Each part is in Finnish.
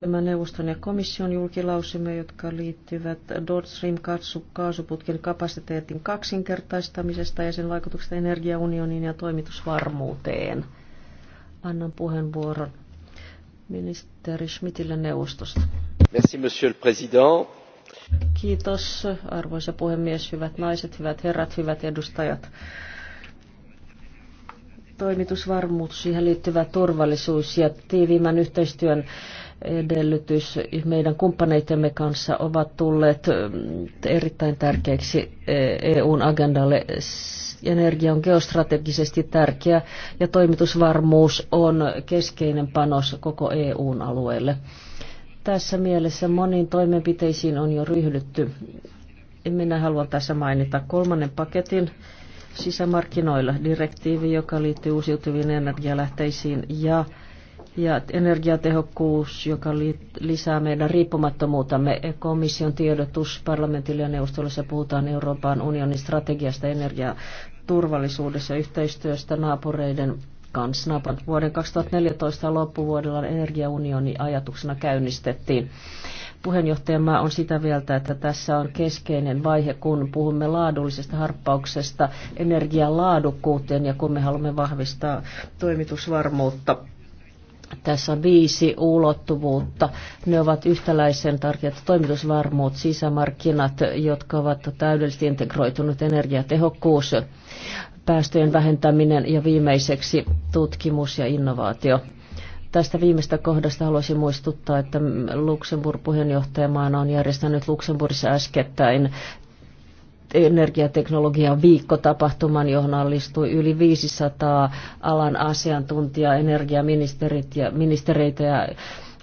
Tämä neuvoston ja komission julkilausumia, jotka liittyvät Nord Stream kaasuputken kapasiteetin kaksinkertaistamisesta ja sen vaikutuksesta energiaunioniin ja toimitusvarmuuteen. Annan puheenvuoron ministeri Schmidtille neuvostosta. Merci, monsieur le président. Kiitos, arvoisa puhemies, hyvät naiset, hyvät herrat, hyvät edustajat toimitusvarmuus, siihen liittyvä turvallisuus ja tiiviimmän yhteistyön edellytys meidän kumppaneitemme kanssa ovat tulleet mm, erittäin tärkeiksi e, EUn agendalle. Energia on geostrategisesti tärkeä ja toimitusvarmuus on keskeinen panos koko EUn alueelle. Tässä mielessä moniin toimenpiteisiin on jo ryhdytty. Minä haluan tässä mainita kolmannen paketin sisämarkkinoilla direktiivi, joka liittyy uusiutuviin energialähteisiin ja ja energiatehokkuus, joka lisää meidän riippumattomuutamme. Komission tiedotus parlamentille ja se puhutaan Euroopan unionin strategiasta energiaturvallisuudessa ja yhteistyöstä naapureiden kanssa. vuoden 2014 loppuvuodella energiaunioni ajatuksena käynnistettiin. Puheenjohtajamme on sitä mieltä, että tässä on keskeinen vaihe, kun puhumme laadullisesta harppauksesta energian laadukkuuteen ja kun me haluamme vahvistaa toimitusvarmuutta tässä on viisi ulottuvuutta. Ne ovat yhtäläisen tärkeät toimitusvarmuut, sisämarkkinat, jotka ovat täydellisesti integroitunut energiatehokkuus, päästöjen vähentäminen ja viimeiseksi tutkimus ja innovaatio. Tästä viimeistä kohdasta haluaisin muistuttaa, että Luxemburg puheenjohtajamaana on järjestänyt Luxemburgissa äskettäin energiateknologian viikkotapahtuman, johon allistui yli 500 alan asiantuntijaa, energiaministerit ja ministereitä ja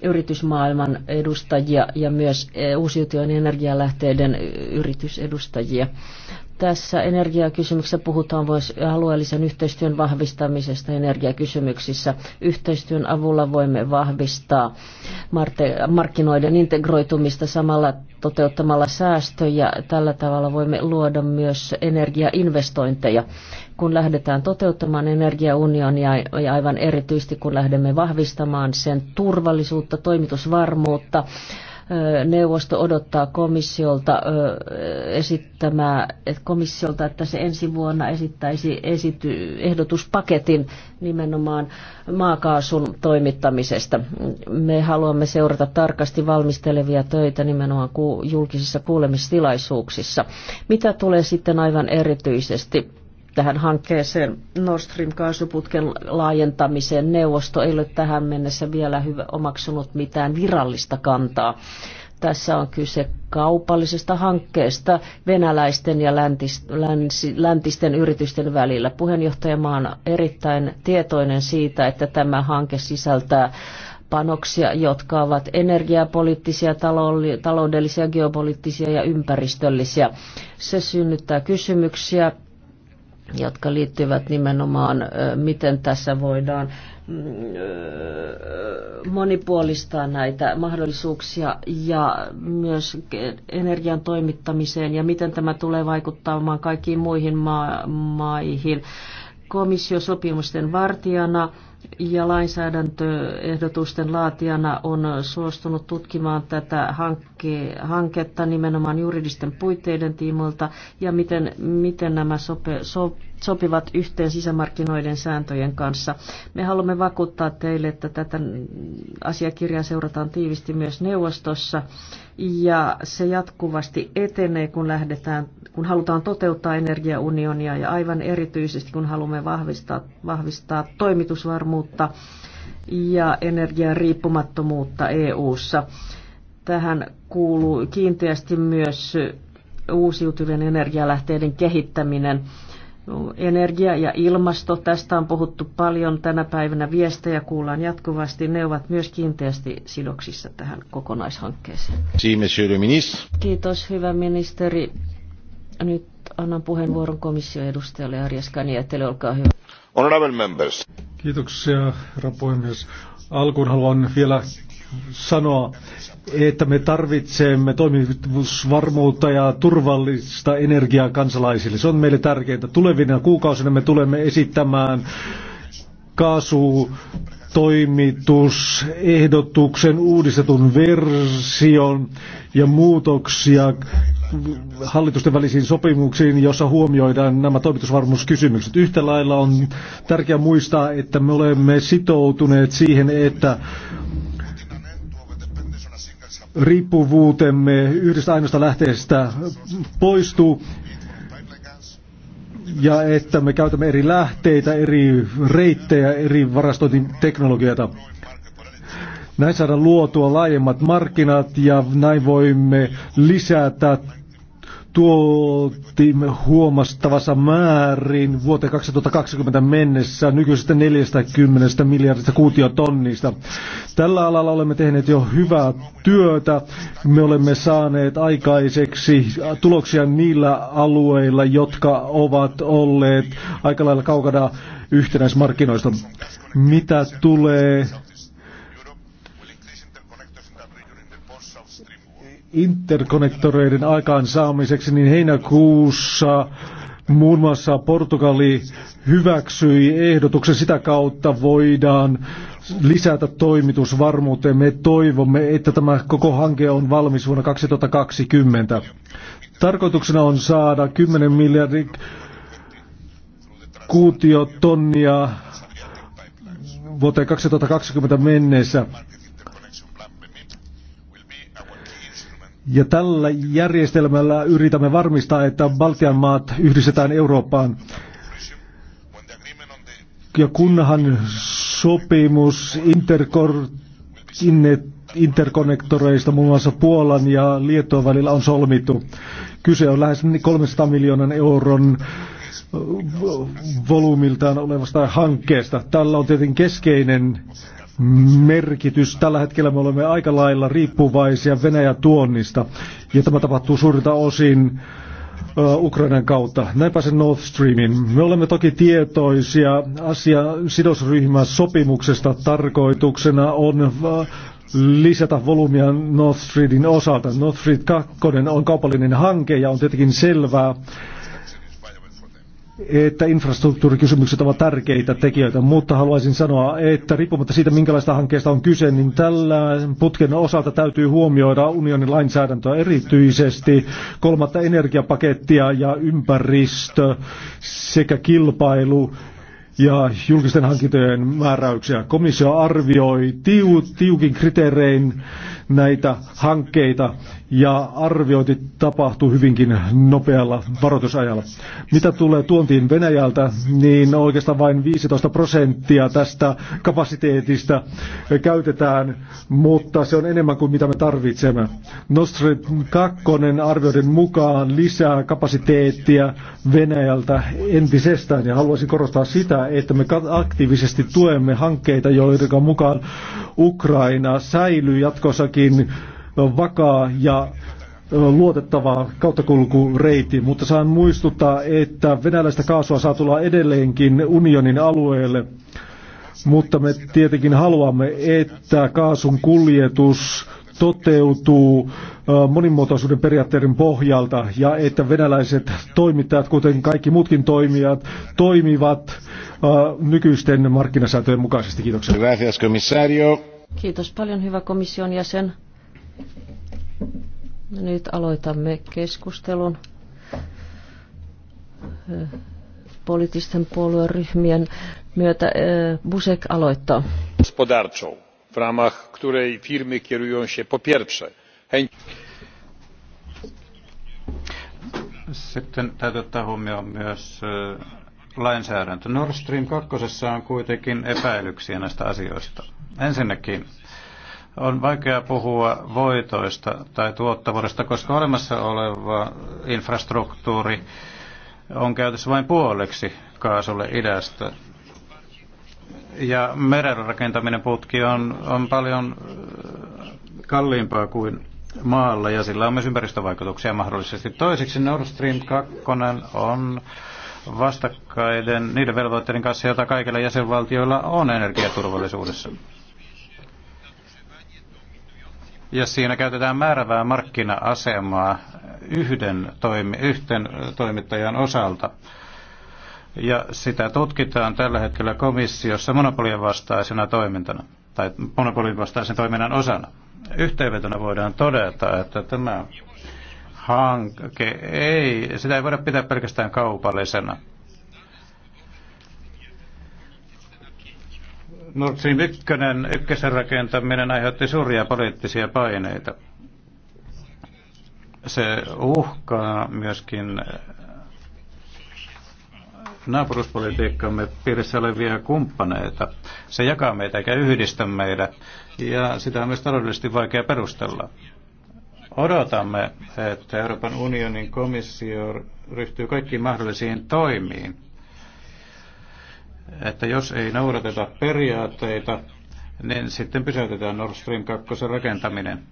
yritysmaailman edustajia ja myös eh, uusiutujen energialähteiden yritysedustajia. Tässä energiakysymyksessä puhutaan myös alueellisen yhteistyön vahvistamisesta energiakysymyksissä. Yhteistyön avulla voimme vahvistaa markkinoiden integroitumista samalla toteuttamalla säästöjä. Tällä tavalla voimme luoda myös energiainvestointeja. Kun lähdetään toteuttamaan energiaunionia ja aivan erityisesti kun lähdemme vahvistamaan sen turvallisuutta, toimitusvarmuutta, neuvosto odottaa komissiolta esittämää, että komissiolta, että se ensi vuonna esittäisi esity, ehdotuspaketin nimenomaan maakaasun toimittamisesta. Me haluamme seurata tarkasti valmistelevia töitä nimenomaan julkisissa kuulemistilaisuuksissa. Mitä tulee sitten aivan erityisesti tähän hankkeeseen Nord Stream kaasuputken laajentamiseen. Neuvosto ei ole tähän mennessä vielä hyvä, omaksunut mitään virallista kantaa. Tässä on kyse kaupallisesta hankkeesta venäläisten ja läntis, länsi, läntisten yritysten välillä. Puheenjohtajamaa on erittäin tietoinen siitä, että tämä hanke sisältää panoksia, jotka ovat energiapoliittisia, taloudellisia, geopoliittisia ja ympäristöllisiä. Se synnyttää kysymyksiä jotka liittyvät nimenomaan, miten tässä voidaan mm, monipuolistaa näitä mahdollisuuksia ja myös energian toimittamiseen ja miten tämä tulee vaikuttamaan kaikkiin muihin ma- maihin. Komissio sopimusten vartijana ja lainsäädäntöehdotusten laatijana on suostunut tutkimaan tätä hankkeen hanke, hanketta nimenomaan juridisten puitteiden tiimoilta ja miten, miten nämä sope, so, sopivat yhteen sisämarkkinoiden sääntöjen kanssa. Me haluamme vakuuttaa teille, että tätä asiakirjaa seurataan tiivisti myös neuvostossa ja se jatkuvasti etenee, kun, lähdetään, kun halutaan toteuttaa energiaunionia ja aivan erityisesti, kun haluamme vahvistaa, vahvistaa toimitusvarmuutta ja energian riippumattomuutta EU:ssa. ssa Tähän kuuluu kiinteästi myös uusiutuvien energialähteiden kehittäminen. Energia ja ilmasto, tästä on puhuttu paljon tänä päivänä, viestejä kuullaan jatkuvasti, ne ovat myös kiinteästi sidoksissa tähän kokonaishankkeeseen. Kiitos hyvä ministeri. Nyt annan puheenvuoron komission edustajalle Arjas Kanietelle, olkaa hyvä. Honorable members. Kiitoksia, herra puhemies. Alkuun haluan vielä sanoa, että me tarvitsemme toimivuusvarmuutta ja turvallista energiaa kansalaisille. Se on meille tärkeää Tulevina kuukausina me tulemme esittämään kaasu toimitusehdotuksen uudistetun version ja muutoksia hallitusten välisiin sopimuksiin, jossa huomioidaan nämä toimitusvarmuuskysymykset. Yhtä lailla on tärkeää muistaa, että me olemme sitoutuneet siihen, että riippuvuutemme yhdestä ainoasta lähteestä poistuu ja että me käytämme eri lähteitä, eri reittejä, eri varastointiteknologioita. Näin saadaan luotua laajemmat markkinat ja näin voimme lisätä tuotiin huomastavassa määrin vuoteen 2020 mennessä nykyisestä 40 miljardista kuutiotonnista. Tällä alalla olemme tehneet jo hyvää työtä. Me olemme saaneet aikaiseksi tuloksia niillä alueilla, jotka ovat olleet aika lailla kaukana yhtenäismarkkinoista. Mitä tulee interkonnektoreiden aikaansaamiseksi, niin heinäkuussa muun muassa Portugali hyväksyi ehdotuksen. Sitä kautta voidaan lisätä toimitusvarmuuteen. Me toivomme, että tämä koko hanke on valmis vuonna 2020. Tarkoituksena on saada 10 miljardin kuutiotonnia vuoteen 2020 mennessä. Ja tällä järjestelmällä yritämme varmistaa, että Baltian maat yhdistetään Eurooppaan. Ja kunhan sopimus interkonnektoreista muun muassa Puolan ja Liettuan välillä on solmittu. Kyse on lähes 300 miljoonan euron volyymiltaan olevasta hankkeesta. Tällä on tietenkin keskeinen merkitys. Tällä hetkellä me olemme aika lailla riippuvaisia Venäjän tuonnista ja tämä tapahtuu suurta osin Ukrainan kautta. Näinpä se Nord Streamin. Me olemme toki tietoisia asia sidosryhmän sopimuksesta. Tarkoituksena on lisätä volyymia Nord Streamin osalta. Nord Stream 2 on kaupallinen hanke ja on tietenkin selvää, että infrastruktuurikysymykset ovat tärkeitä tekijöitä, mutta haluaisin sanoa, että riippumatta siitä, minkälaista hankkeesta on kyse, niin tällä putken osalta täytyy huomioida unionin lainsäädäntöä erityisesti, kolmatta energiapakettia ja ympäristö sekä kilpailu ja julkisten hankintojen määräyksiä. Komissio arvioi tiu, tiukin kriteerein näitä hankkeita ja arviointi tapahtuu hyvinkin nopealla varoitusajalla. Mitä tulee tuontiin Venäjältä, niin oikeastaan vain 15 prosenttia tästä kapasiteetista käytetään, mutta se on enemmän kuin mitä me tarvitsemme. Nostri 2 arvioiden mukaan lisää kapasiteettia Venäjältä entisestään ja haluaisin korostaa sitä, että me aktiivisesti tuemme hankkeita, joiden mukaan Ukraina säilyy jatkossa todellakin vakaa ja luotettava kauttakulkureiti, mutta saan muistuttaa, että venäläistä kaasua saa tulla edelleenkin unionin alueelle, mutta me tietenkin haluamme, että kaasun kuljetus toteutuu monimuotoisuuden periaatteiden pohjalta ja että venäläiset toimittajat, kuten kaikki muutkin toimijat, toimivat nykyisten markkinasäätöjen mukaisesti. Kiitoksia. Gracias, Kiitos paljon, hyvä komission jäsen. Nyt aloitamme keskustelun poliittisten puolueryhmien myötä. Busek aloittaa. Gospodarczą, w ramach której firmy kierują się po pierwsze chęć... Sitten täytyy ottaa huomioon myös lainsäädäntö. Nord Stream 2 on kuitenkin epäilyksiä näistä asioista. Ensinnäkin on vaikea puhua voitoista tai tuottavuudesta, koska olemassa oleva infrastruktuuri on käytössä vain puoleksi kaasulle idästä. Ja meren rakentaminen putki on, on paljon äh, kalliimpaa kuin maalla ja sillä on myös ympäristövaikutuksia mahdollisesti. Toiseksi Nord Stream 2 on vastakkaiden niiden velvoitteiden kanssa, joita kaikilla jäsenvaltioilla on energiaturvallisuudessa. Ja siinä käytetään määrävää markkina-asemaa yhden toimi, yhten toimittajan osalta. Ja sitä tutkitaan tällä hetkellä komissiossa monopolien vastaisena toimintana tai monopolin vastaisen toiminnan osana. Yhteenvetona voidaan todeta, että tämä hanke, ei, sitä ei voida pitää pelkästään kaupallisena. Nord Stream 1, ykkösen rakentaminen aiheutti suuria poliittisia paineita. Se uhkaa myöskin naapuruspolitiikkamme piirissä olevia kumppaneita. Se jakaa meitä eikä yhdistä meitä, ja sitä on myös taloudellisesti vaikea perustella. Odotamme, että Euroopan unionin komissio ryhtyy kaikkiin mahdollisiin toimiin, että jos ei noudateta periaatteita, niin sitten pysäytetään Nord Stream 2 rakentaminen.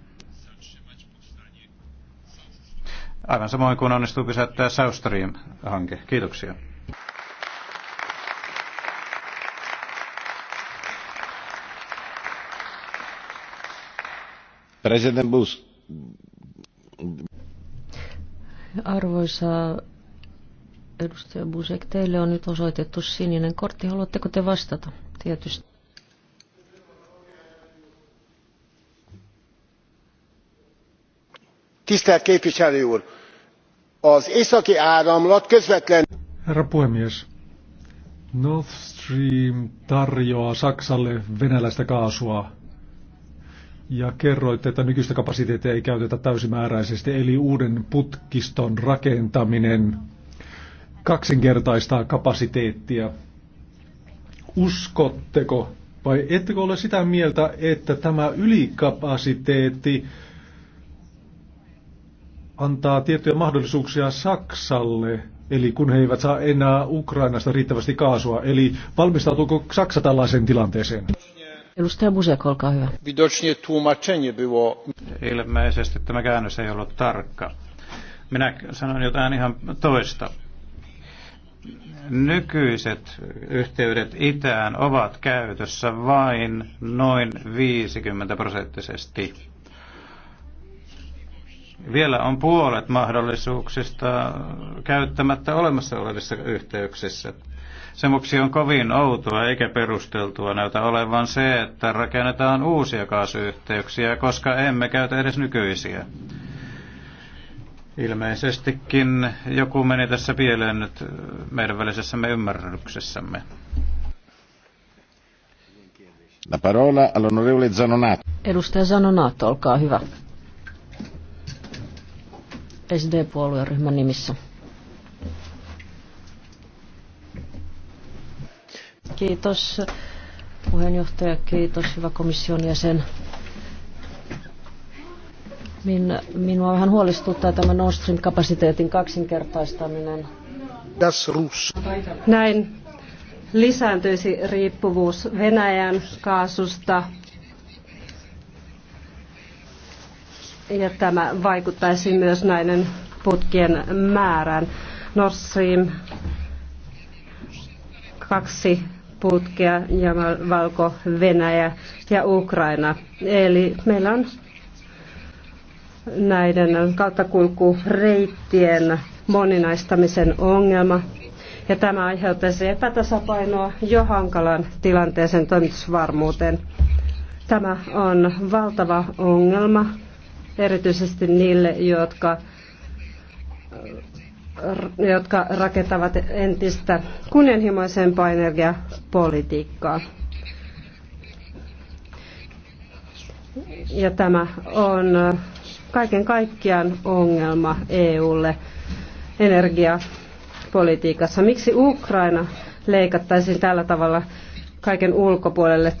Aivan samoin kuin onnistuu pysäyttää South Stream-hanke. Kiitoksia. President Bush, Arvoisa edustaja Busek, teille on nyt osoitettu sininen kortti. Haluatteko te vastata? Tietysti. Tisztelt képviselő úr! Az északi áramlat közvetlen... Herra puhemies, Nord Stream tarjoaa Saksalle venäläistä kaasua ja kerroitte, että nykyistä kapasiteettia ei käytetä täysimääräisesti, eli uuden putkiston rakentaminen kaksinkertaistaa kapasiteettia. Uskotteko vai ettekö ole sitä mieltä, että tämä ylikapasiteetti antaa tiettyjä mahdollisuuksia Saksalle, eli kun he eivät saa enää Ukrainasta riittävästi kaasua, eli valmistautuuko Saksa tällaiseen tilanteeseen? Widocznie tłumaczenie było... Ilmeisesti tämä käännös ei ollut tarkka. Minä sanon jotain ihan toista. Nykyiset yhteydet itään ovat käytössä vain noin 50 prosenttisesti. Vielä on puolet mahdollisuuksista käyttämättä olemassa olevissa yhteyksissä. Sen vuoksi on kovin outoa eikä perusteltua näytä olevan se, että rakennetaan uusia kaasuyhteyksiä, koska emme käytä edes nykyisiä. Ilmeisestikin joku meni tässä pieleen nyt meidän välisessämme ymmärryksessämme. La parola all'onorevole Zanonato. Edustaja Zanonato, olkaa hyvä. sd ryhmän nimissä. Kiitos puheenjohtaja, kiitos hyvä komission jäsen. Min minua vähän huolestuttaa tämä Nord Stream-kapasiteetin kaksinkertaistaminen. Näin lisääntyisi riippuvuus Venäjän kaasusta ja tämä vaikuttaisi myös näiden putkien määrään. Nord Stream 2 putkea ja Valko-Venäjä ja Ukraina. Eli meillä on näiden kauttakulkureittien moninaistamisen ongelma. Ja tämä aiheuttaisi epätasapainoa jo hankalan tilanteeseen toimitusvarmuuteen. Tämä on valtava ongelma, erityisesti niille, jotka jotka rakentavat entistä kunnianhimoisempaa energiapolitiikkaa. Ja tämä on kaiken kaikkiaan ongelma EUlle energiapolitiikassa. Miksi Ukraina leikattaisiin tällä tavalla kaiken ulkopuolelle?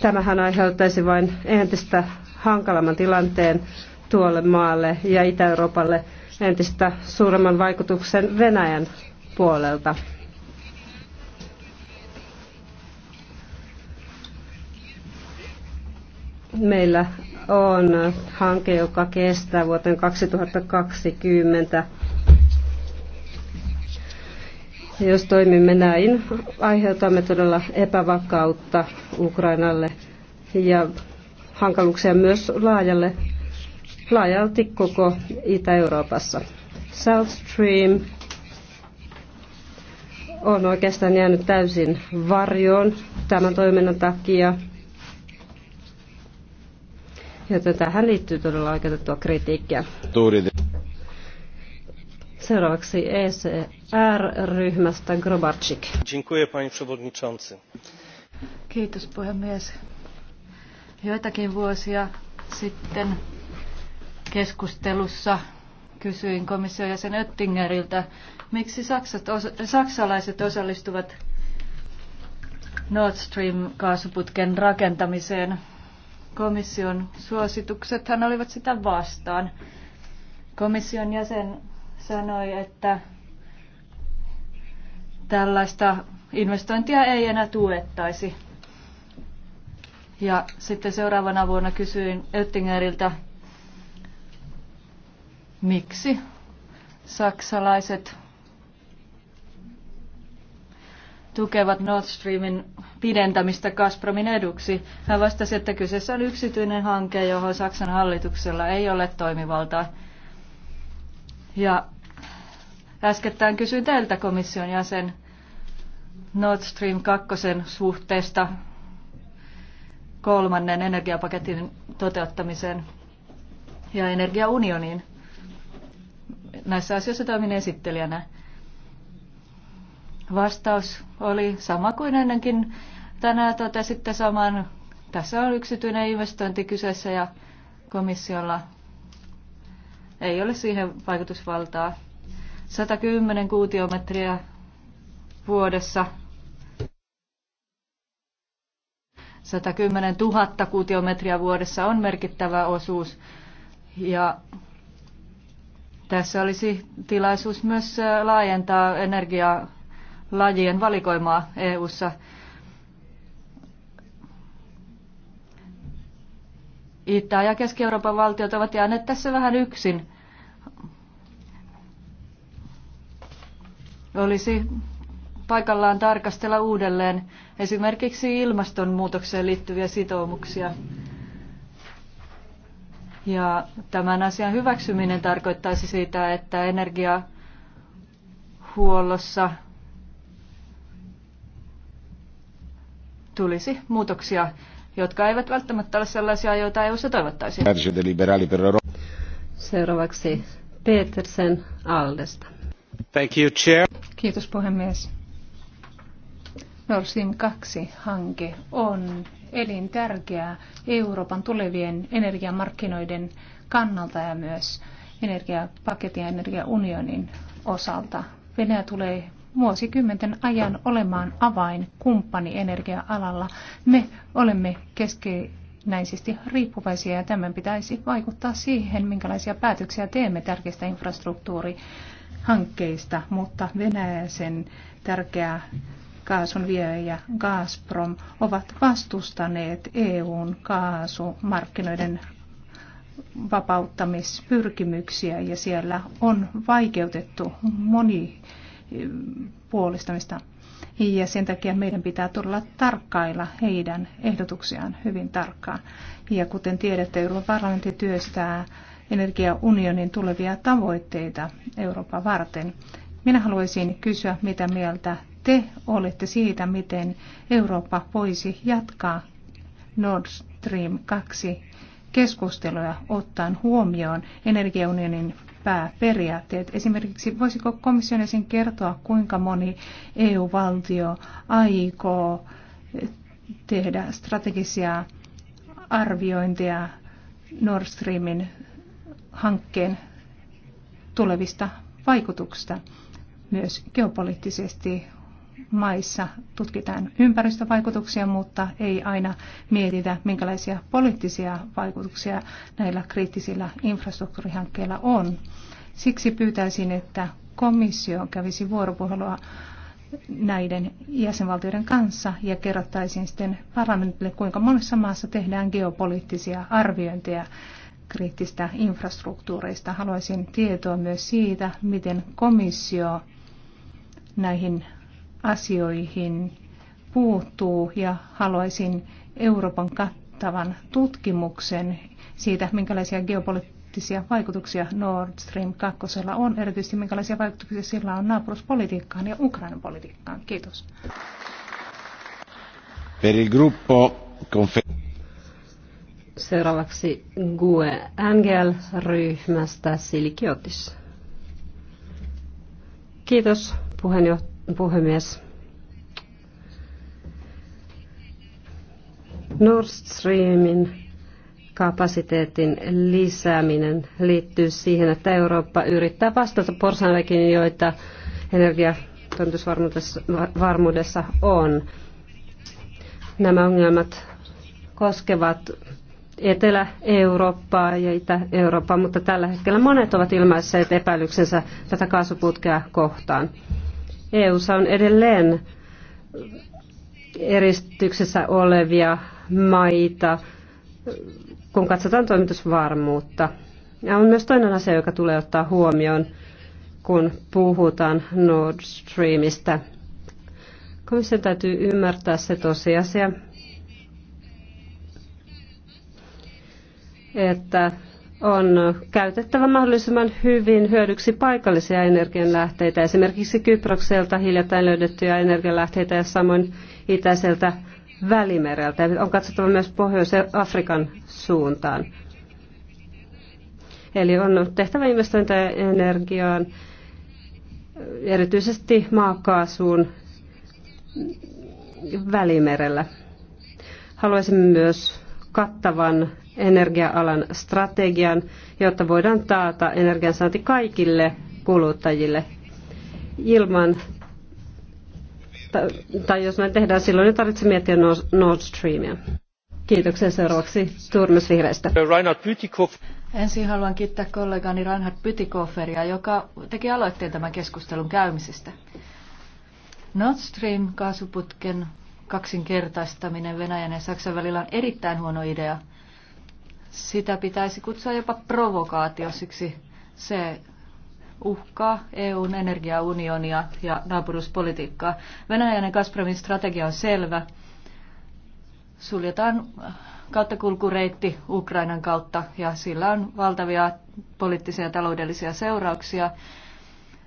Tämähän aiheuttaisi vain entistä hankalamman tilanteen tuolle maalle ja Itä-Euroopalle entistä suuremman vaikutuksen Venäjän puolelta. Meillä on hanke, joka kestää vuoteen 2020. Jos toimimme näin, aiheutamme todella epävakautta Ukrainalle ja hankaluuksia myös laajalle laajalti koko Itä-Euroopassa. South Stream on oikeastaan jäänyt täysin varjoon tämän toiminnan takia. Joten tähän liittyy todella oikeutettua kritiikkiä. Seuraavaksi ECR-ryhmästä Grobarczyk. Kiitos, puhemies. Joitakin vuosia sitten keskustelussa kysyin komission jäsen Öttingeriltä, miksi saksat, saksalaiset osallistuvat Nord Stream-kaasuputken rakentamiseen. Komission suosituksethan olivat sitä vastaan. Komission jäsen sanoi, että tällaista investointia ei enää tuettaisi. Ja sitten seuraavana vuonna kysyin Öttingeriltä miksi saksalaiset tukevat Nord Streamin pidentämistä Gazpromin eduksi. Hän vastasi, että kyseessä on yksityinen hanke, johon Saksan hallituksella ei ole toimivaltaa. Ja äskettäin kysyin teiltä komission jäsen Nord Stream 2 suhteesta kolmannen energiapaketin toteuttamiseen ja energiaunioniin näissä asioissa toimin esittelijänä. Vastaus oli sama kuin ennenkin. Tänään totesitte saman. Tässä on yksityinen investointi kyseessä ja komissiolla ei ole siihen vaikutusvaltaa. 110 kuutiometriä vuodessa 110 000 kuutiometriä vuodessa on merkittävä osuus. Ja tässä olisi tilaisuus myös laajentaa energialajien valikoimaa EU:ssa. Itä- ja Keski-Euroopan valtiot ovat jääneet tässä vähän yksin. Olisi paikallaan tarkastella uudelleen esimerkiksi ilmastonmuutokseen liittyviä sitoumuksia. Ja tämän asian hyväksyminen tarkoittaisi sitä, että energiahuollossa tulisi muutoksia, jotka eivät välttämättä ole sellaisia, joita EU-ssa toivottaisiin. Seuraavaksi Petersen Aldesta. Thank you, chair. Kiitos puhemies. Nord Stream 2-hanke on elintärkeää Euroopan tulevien energiamarkkinoiden kannalta ja myös energiapaketin ja energiaunionin osalta. Venäjä tulee vuosikymmenten ajan olemaan avain kumppani energia-alalla. Me olemme keskinäisesti riippuvaisia ja tämän pitäisi vaikuttaa siihen, minkälaisia päätöksiä teemme tärkeistä infrastruktuurihankkeista, mutta Venäjä sen tärkeää kaasun viejä Gazprom ovat vastustaneet EUn kaasumarkkinoiden vapauttamispyrkimyksiä ja siellä on vaikeutettu monipuolistamista. Ja sen takia meidän pitää todella tarkkailla heidän ehdotuksiaan hyvin tarkkaan. Ja kuten tiedätte, Euroopan parlamentti työstää energiaunionin tulevia tavoitteita Euroopan varten. Minä haluaisin kysyä, mitä mieltä te olette siitä, miten Eurooppa voisi jatkaa Nord Stream 2 keskusteluja ottaen huomioon energiaunionin pääperiaatteet. Esimerkiksi voisiko komission esiin kertoa, kuinka moni EU-valtio aikoo tehdä strategisia arviointeja Nord Streamin hankkeen tulevista vaikutuksista myös geopoliittisesti maissa tutkitaan ympäristövaikutuksia, mutta ei aina mietitä, minkälaisia poliittisia vaikutuksia näillä kriittisillä infrastruktuurihankkeilla on. Siksi pyytäisin, että komissio kävisi vuoropuhelua näiden jäsenvaltioiden kanssa ja kerrottaisiin sitten parlamentille, kuinka monessa maassa tehdään geopoliittisia arviointeja kriittistä infrastruktuureista. Haluaisin tietoa myös siitä, miten komissio näihin asioihin puuttuu ja haluaisin Euroopan kattavan tutkimuksen siitä, minkälaisia geopoliittisia vaikutuksia Nord Stream 2 on, erityisesti minkälaisia vaikutuksia sillä on naapuruspolitiikkaan ja Ukrainan politiikkaan. Kiitos. Per il gruppo Seuraavaksi Gue Angel ryhmästä Silikiotis. Kiitos puheenjohtaja puhemies. Nord Streamin kapasiteetin lisääminen liittyy siihen, että Eurooppa yrittää vastata porsanreikiin, joita energiatoimitusvarmuudessa on. Nämä ongelmat koskevat Etelä-Eurooppaa ja Itä-Eurooppaa, mutta tällä hetkellä monet ovat ilmaisseet epäilyksensä tätä kaasuputkea kohtaan. EU on edelleen eristyksessä olevia maita, kun katsotaan toimitusvarmuutta. Ja on myös toinen asia, joka tulee ottaa huomioon, kun puhutaan Nord Streamista. Komission täytyy ymmärtää se tosiasia, että on käytettävä mahdollisimman hyvin hyödyksi paikallisia energianlähteitä, esimerkiksi Kyprokselta hiljattain löydettyjä energianlähteitä ja samoin itäiseltä Välimereltä. On katsottava myös Pohjois-Afrikan suuntaan. Eli on tehtävä investointeja energiaan, erityisesti maakaasuun Välimerellä. Haluaisin myös kattavan energia-alan strategian, jotta voidaan taata energiansaanti kaikille kuluttajille ilman, tai, jos näin tehdään, silloin ei tarvitse miettiä Nord Streamia. Kiitoksia seuraavaksi Turmes Vihreistä. Ensin haluan kiittää kollegani Reinhard Pytikofferia, joka teki aloitteen tämän keskustelun käymisestä. Nord Stream kaasuputken kaksinkertaistaminen Venäjän ja Saksan välillä on erittäin huono idea – sitä pitäisi kutsua jopa provokaatiosiksi. Se uhkaa EUn energiaunionia ja naapuruspolitiikkaa. Venäjän ja Gazpromin strategia on selvä. Suljetaan kauttakulkureitti Ukrainan kautta ja sillä on valtavia poliittisia ja taloudellisia seurauksia.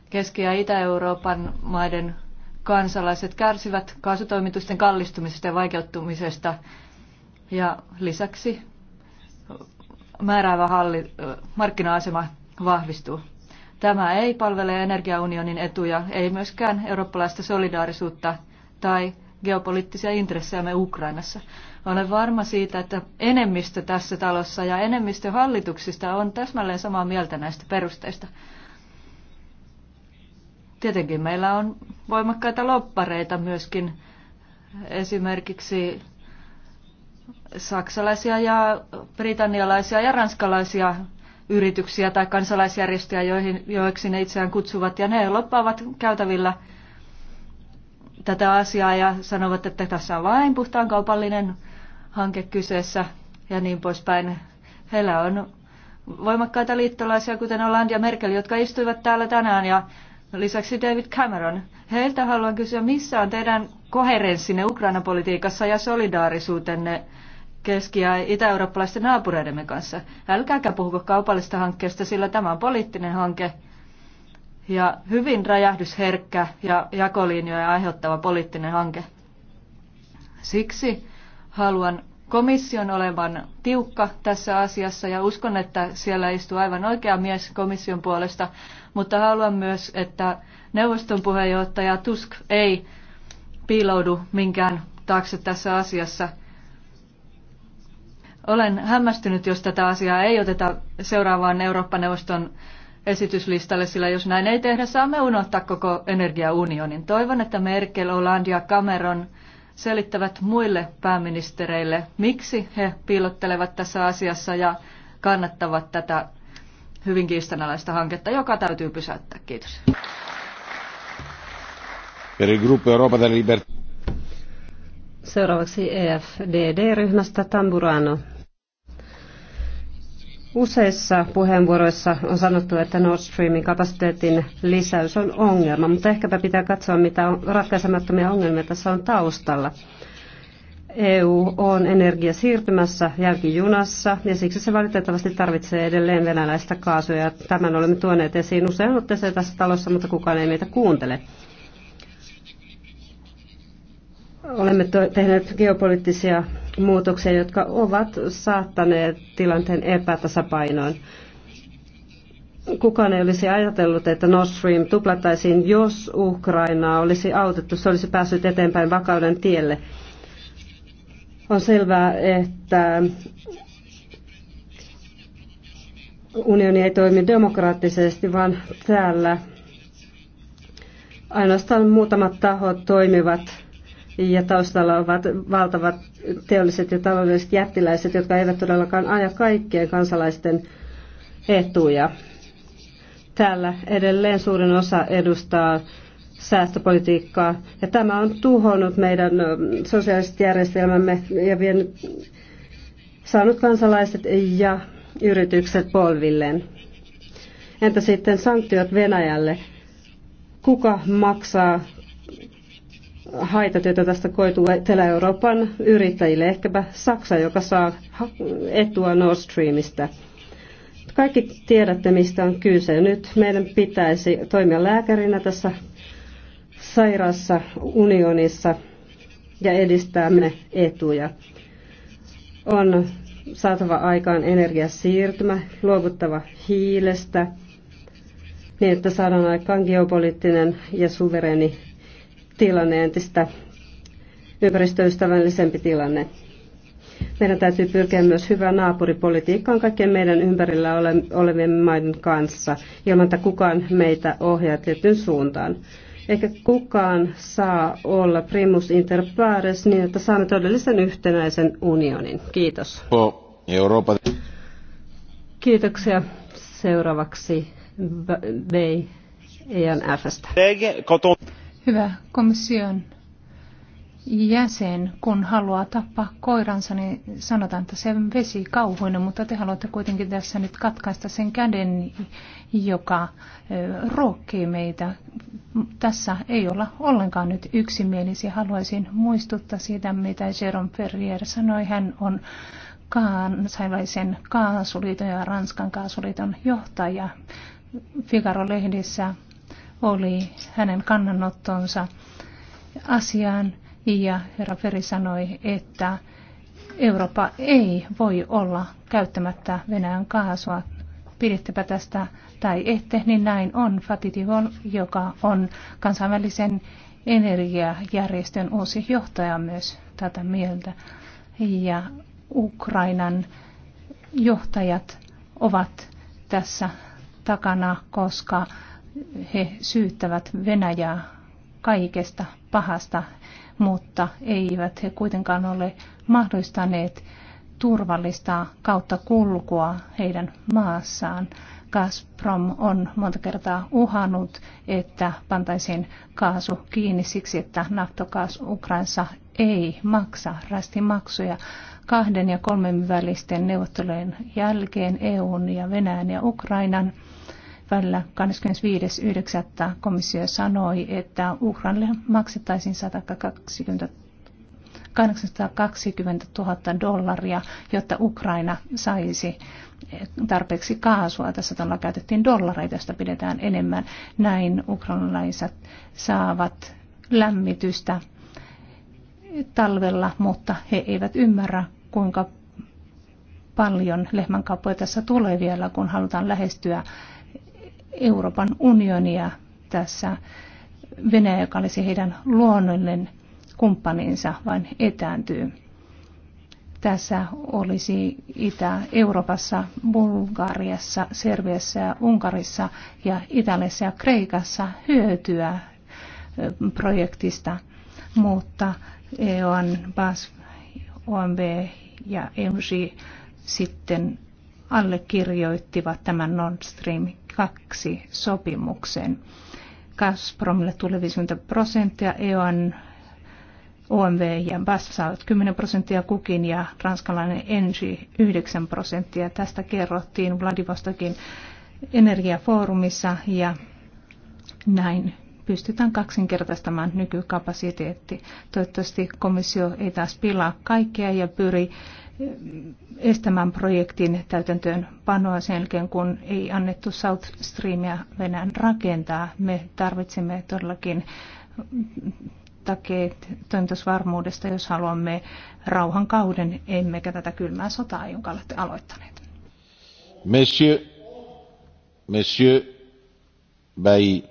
Keski- ja Itä-Euroopan maiden kansalaiset kärsivät kaasutoimitusten kallistumisesta ja vaikeuttumisesta ja lisäksi määräävä halli, markkina-asema vahvistuu. Tämä ei palvele energiaunionin etuja, ei myöskään eurooppalaista solidaarisuutta tai geopoliittisia intressejämme Ukrainassa. Olen varma siitä, että enemmistö tässä talossa ja enemmistö hallituksista on täsmälleen samaa mieltä näistä perusteista. Tietenkin meillä on voimakkaita loppareita myöskin esimerkiksi saksalaisia ja britannialaisia ja ranskalaisia yrityksiä tai kansalaisjärjestöjä, joihin, joiksi ne itseään kutsuvat. Ja ne loppaavat käytävillä tätä asiaa ja sanovat, että tässä on vain puhtaan kaupallinen hanke kyseessä ja niin poispäin. Heillä on voimakkaita liittolaisia, kuten Holland ja Merkel, jotka istuivat täällä tänään ja lisäksi David Cameron. Heiltä haluan kysyä, missä on teidän koherenssinne Ukraina-politiikassa ja solidaarisuutenne Keski- ja itä-eurooppalaisten naapureidemme kanssa. Älkääkä puhuko kaupallista hankkeesta, sillä tämä on poliittinen hanke ja hyvin räjähdysherkkä ja jakolinjoja aiheuttava poliittinen hanke. Siksi haluan komission olevan tiukka tässä asiassa ja uskon, että siellä istuu aivan oikea mies komission puolesta, mutta haluan myös, että neuvoston puheenjohtaja Tusk ei piiloudu minkään taakse tässä asiassa – olen hämmästynyt, jos tätä asiaa ei oteta seuraavaan Eurooppa-neuvoston esityslistalle, sillä jos näin ei tehdä, saamme unohtaa koko energiaunionin. Toivon, että Merkel, Hollande ja Cameron selittävät muille pääministereille, miksi he piilottelevat tässä asiassa ja kannattavat tätä hyvin kiistanalaista hanketta, joka täytyy pysäyttää. Kiitos. Seuraavaksi EFDD-ryhmästä Tamburano. Useissa puheenvuoroissa on sanottu, että Nord Streamin kapasiteetin lisäys on ongelma, mutta ehkäpä pitää katsoa, mitä on, ratkaisemattomia ongelmia tässä on taustalla. EU on energia siirtymässä jälkijunassa ja siksi se valitettavasti tarvitsee edelleen venäläistä kaasua. Ja tämän olemme tuoneet esiin usein otteeseen tässä talossa, mutta kukaan ei meitä kuuntele. Olemme tehneet geopoliittisia muutoksia, jotka ovat saattaneet tilanteen epätasapainoon. Kukaan ei olisi ajatellut, että Nord Stream tuplattaisiin, jos Ukrainaa olisi autettu. Se olisi päässyt eteenpäin vakauden tielle. On selvää, että unioni ei toimi demokraattisesti, vaan täällä ainoastaan muutamat tahot toimivat ja taustalla ovat valtavat teolliset ja taloudelliset jättiläiset, jotka eivät todellakaan aja kaikkien kansalaisten etuja. Täällä edelleen suurin osa edustaa säästöpolitiikkaa ja tämä on tuhonnut meidän sosiaaliset järjestelmämme ja vienyt, saanut kansalaiset ja yritykset polvilleen. Entä sitten sanktiot Venäjälle? Kuka maksaa haitat, joita tästä koituu Etelä-Euroopan yrittäjille, ehkäpä Saksa, joka saa etua Nord Streamista. Kaikki tiedätte, mistä on kyse. Nyt meidän pitäisi toimia lääkärinä tässä sairaassa unionissa ja edistää me etuja. On saatava aikaan energiasiirtymä, luovuttava hiilestä, niin että saadaan aikaan geopoliittinen ja suvereni tilanne entistä ympäristöystävällisempi tilanne. Meidän täytyy pyrkiä myös hyvään naapuripolitiikkaan kaikkien meidän ympärillä olevien maiden kanssa, ilman että kukaan meitä ohjaa tietyn suuntaan. Eikä kukaan saa olla primus inter pares niin, että saamme todellisen yhtenäisen unionin. Kiitos. Euroopan. Kiitoksia. Seuraavaksi BINFstä. E Hyvä komission jäsen, kun haluaa tappaa koiransa, niin sanotaan, että se on vesi kauhuinen, mutta te haluatte kuitenkin tässä nyt katkaista sen käden, joka ruokkii meitä. Tässä ei olla ollenkaan nyt yksimielisiä. Haluaisin muistuttaa siitä, mitä Jerome Ferrier sanoi. Hän on kansainvälisen kaasuliiton ja Ranskan kaasuliiton johtaja. Figaro-lehdissä oli hänen kannanottonsa asiaan ja herra Feri sanoi, että Eurooppa ei voi olla käyttämättä Venäjän kaasua. Pidittepä tästä tai ette, niin näin on Fatitivon, joka on kansainvälisen energiajärjestön uusi johtaja myös tätä mieltä. Ja Ukrainan johtajat ovat tässä takana, koska he syyttävät Venäjää kaikesta pahasta, mutta eivät he kuitenkaan ole mahdollistaneet turvallista kautta kulkua heidän maassaan. Gazprom on monta kertaa uhannut, että pantaisiin kaasu kiinni siksi, että naftokaasu Ukrainassa ei maksa rästimaksuja. Kahden ja kolmen välisten neuvottelujen jälkeen EUn ja Venäjän ja Ukrainan välillä 25.9. komissio sanoi, että Ukrainalle maksettaisiin 120 820 000 dollaria, jotta Ukraina saisi tarpeeksi kaasua. Tässä tuolla käytettiin dollareita, josta pidetään enemmän. Näin ukrainalaiset saavat lämmitystä talvella, mutta he eivät ymmärrä, kuinka paljon lehmänkauppoja tässä tulee vielä, kun halutaan lähestyä Euroopan unionia tässä Venäjä, joka olisi heidän luonnollinen kumppaninsa, vain etääntyy. Tässä olisi Itä-Euroopassa, Bulgariassa, Serviassa ja Unkarissa ja Italiassa ja Kreikassa hyötyä projektista, mutta EON, BAS, OMB ja EMG sitten allekirjoittivat tämän Nord Stream 2 sopimuksen. Gazpromille tulee 50 prosenttia, EON, OMV ja BAS saavat 10 prosenttia kukin ja ranskalainen Engie 9 prosenttia. Tästä kerrottiin Vladivostokin energiafoorumissa ja näin pystytään kaksinkertaistamaan nykykapasiteetti. Toivottavasti komissio ei taas pilaa kaikkea ja pyri estämään projektin täytäntöön panoa sen jälkeen, kun ei annettu South Streamia Venäjän rakentaa. Me tarvitsemme todellakin takeet toimitusvarmuudesta, jos haluamme rauhan kauden, emmekä tätä kylmää sotaa, jonka olette aloittaneet. Monsieur, monsieur Bay,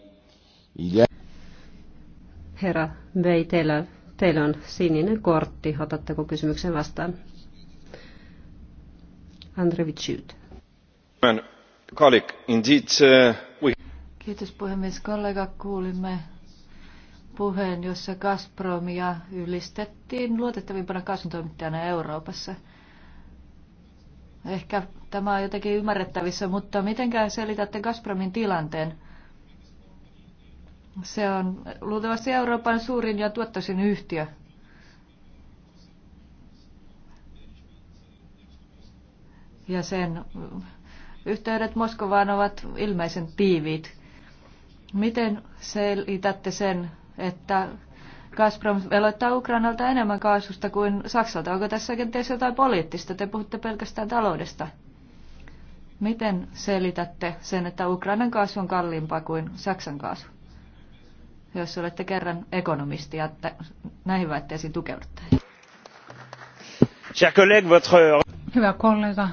Herra Bay, teillä, teillä on sininen kortti. Otatteko kysymyksen vastaan? Andrevičiut. Uh, Kiitos puhemies. Kollega, kuulimme puheen, jossa Gazpromia ylistettiin luotettavimpana kasvuntoimittajana Euroopassa. Ehkä tämä on jotenkin ymmärrettävissä, mutta mitenkään selitätte Gazpromin tilanteen? Se on luultavasti Euroopan suurin ja tuottoisin yhtiö. ja sen yhteydet Moskovaan ovat ilmeisen tiiviit. Miten selitätte sen, että Gazprom veloittaa Ukrainalta enemmän kaasusta kuin Saksalta? Onko tässä kenties jotain poliittista? Te puhutte pelkästään taloudesta. Miten selitätte sen, että Ukrainan kaasu on kalliimpaa kuin Saksan kaasu? Jos olette kerran ekonomisti ja näihin väitteisiin tukeudutte. Hyvä kollega,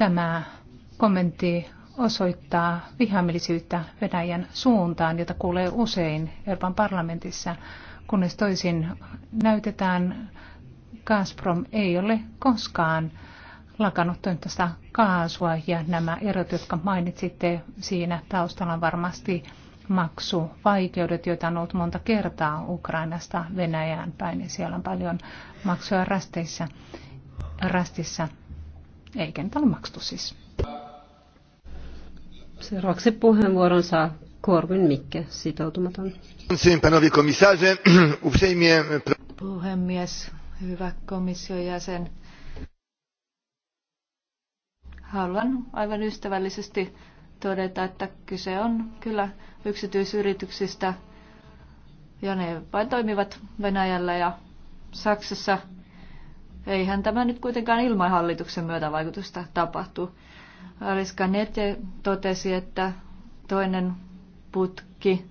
Tämä kommentti osoittaa vihamielisyyttä Venäjän suuntaan, jota kuulee usein Euroopan parlamentissa, kunnes toisin näytetään, Gazprom ei ole koskaan lakannut toimittamasta kaasua ja nämä erot, jotka mainitsitte siinä taustalla on varmasti maksuvaikeudet, joita on ollut monta kertaa Ukrainasta Venäjään päin. Siellä on paljon maksuja rasteissa, rastissa. Eikä nyt ole maksettu siis. Seuraavaksi puheenvuoron saa Korvin Mikke, sitoutumaton. Puhemies, hyvä komission jäsen. Haluan aivan ystävällisesti todeta, että kyse on kyllä yksityisyrityksistä, ja ne vain toimivat Venäjällä ja Saksassa – Eihän tämä nyt kuitenkaan ilman hallituksen myötävaikutusta tapahtu. Ariska Nete totesi, että toinen putki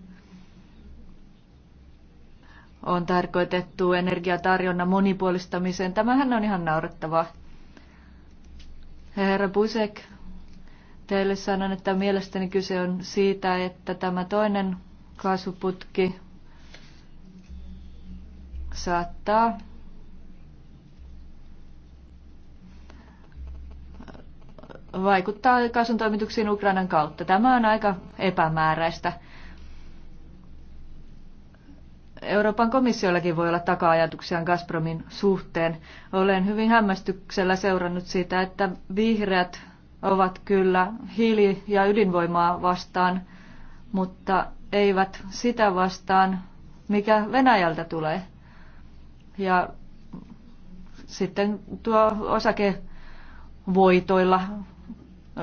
on tarkoitettu energiatarjonnan monipuolistamiseen. Tämähän on ihan naurettavaa. Herra Busek, teille sanon, että mielestäni kyse on siitä, että tämä toinen kaasuputki saattaa vaikuttaa kaasun toimituksiin Ukrainan kautta. Tämä on aika epämääräistä. Euroopan komissiollakin voi olla taka ajatuksia Gazpromin suhteen. Olen hyvin hämmästyksellä seurannut sitä, että vihreät ovat kyllä hiili- ja ydinvoimaa vastaan, mutta eivät sitä vastaan, mikä Venäjältä tulee. Ja sitten tuo osake voitoilla.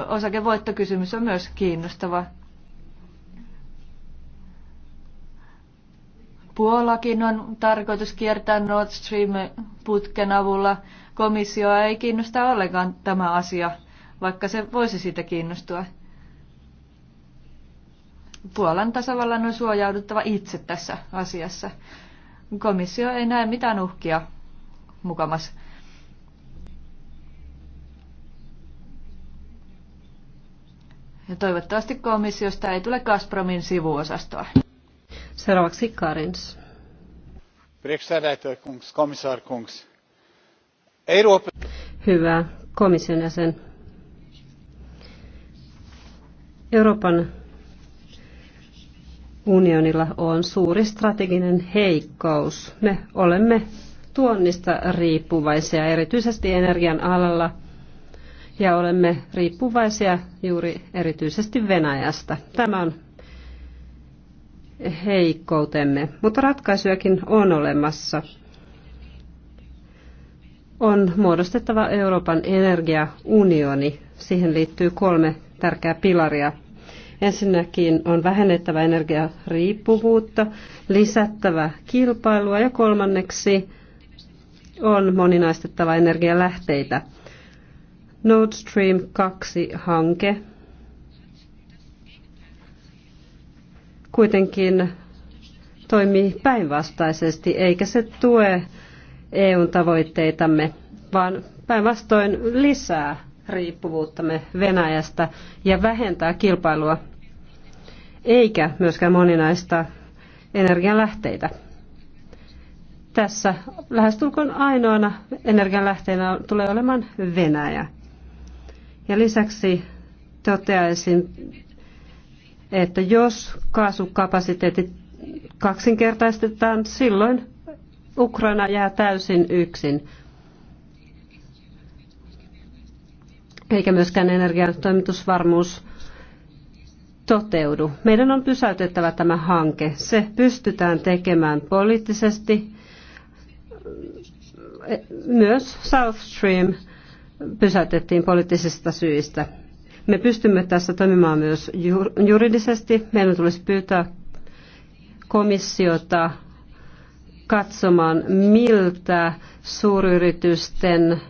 Osakevoittokysymys on myös kiinnostava. Puolakin on tarkoitus kiertää Nord Stream-putken avulla. komissio ei kiinnosta ollenkaan tämä asia, vaikka se voisi siitä kiinnostua. Puolan tasavallan on suojauduttava itse tässä asiassa. Komissio ei näe mitään uhkia mukamassa Ja toivottavasti komissiosta ei tule Gazpromin sivuosastoa. Seuraavaksi Karins. Hyvä komission jäsen. Euroopan unionilla on suuri strateginen heikkous. Me olemme tuonnista riippuvaisia, erityisesti energian alalla – ja olemme riippuvaisia juuri erityisesti Venäjästä. Tämä on heikkoutemme, mutta ratkaisujakin on olemassa. On muodostettava Euroopan energiaunioni. Siihen liittyy kolme tärkeää pilaria. Ensinnäkin on vähennettävä energiariippuvuutta, lisättävä kilpailua ja kolmanneksi on moninaistettava energialähteitä. Nord Stream 2-hanke kuitenkin toimii päinvastaisesti, eikä se tue EUn tavoitteitamme, vaan päinvastoin lisää riippuvuuttamme Venäjästä ja vähentää kilpailua, eikä myöskään moninaista energianlähteitä. Tässä lähestulkoon ainoana energialähteenä tulee olemaan Venäjä. Ja lisäksi toteaisin, että jos kaasukapasiteetit kaksinkertaistetaan, silloin Ukraina jää täysin yksin. Eikä myöskään energian toimitusvarmuus toteudu. Meidän on pysäytettävä tämä hanke. Se pystytään tekemään poliittisesti. Myös South Stream pysäytettiin poliittisista syistä. Me pystymme tässä toimimaan myös juridisesti. Meidän tulisi pyytää komissiota katsomaan, miltä suuryritysten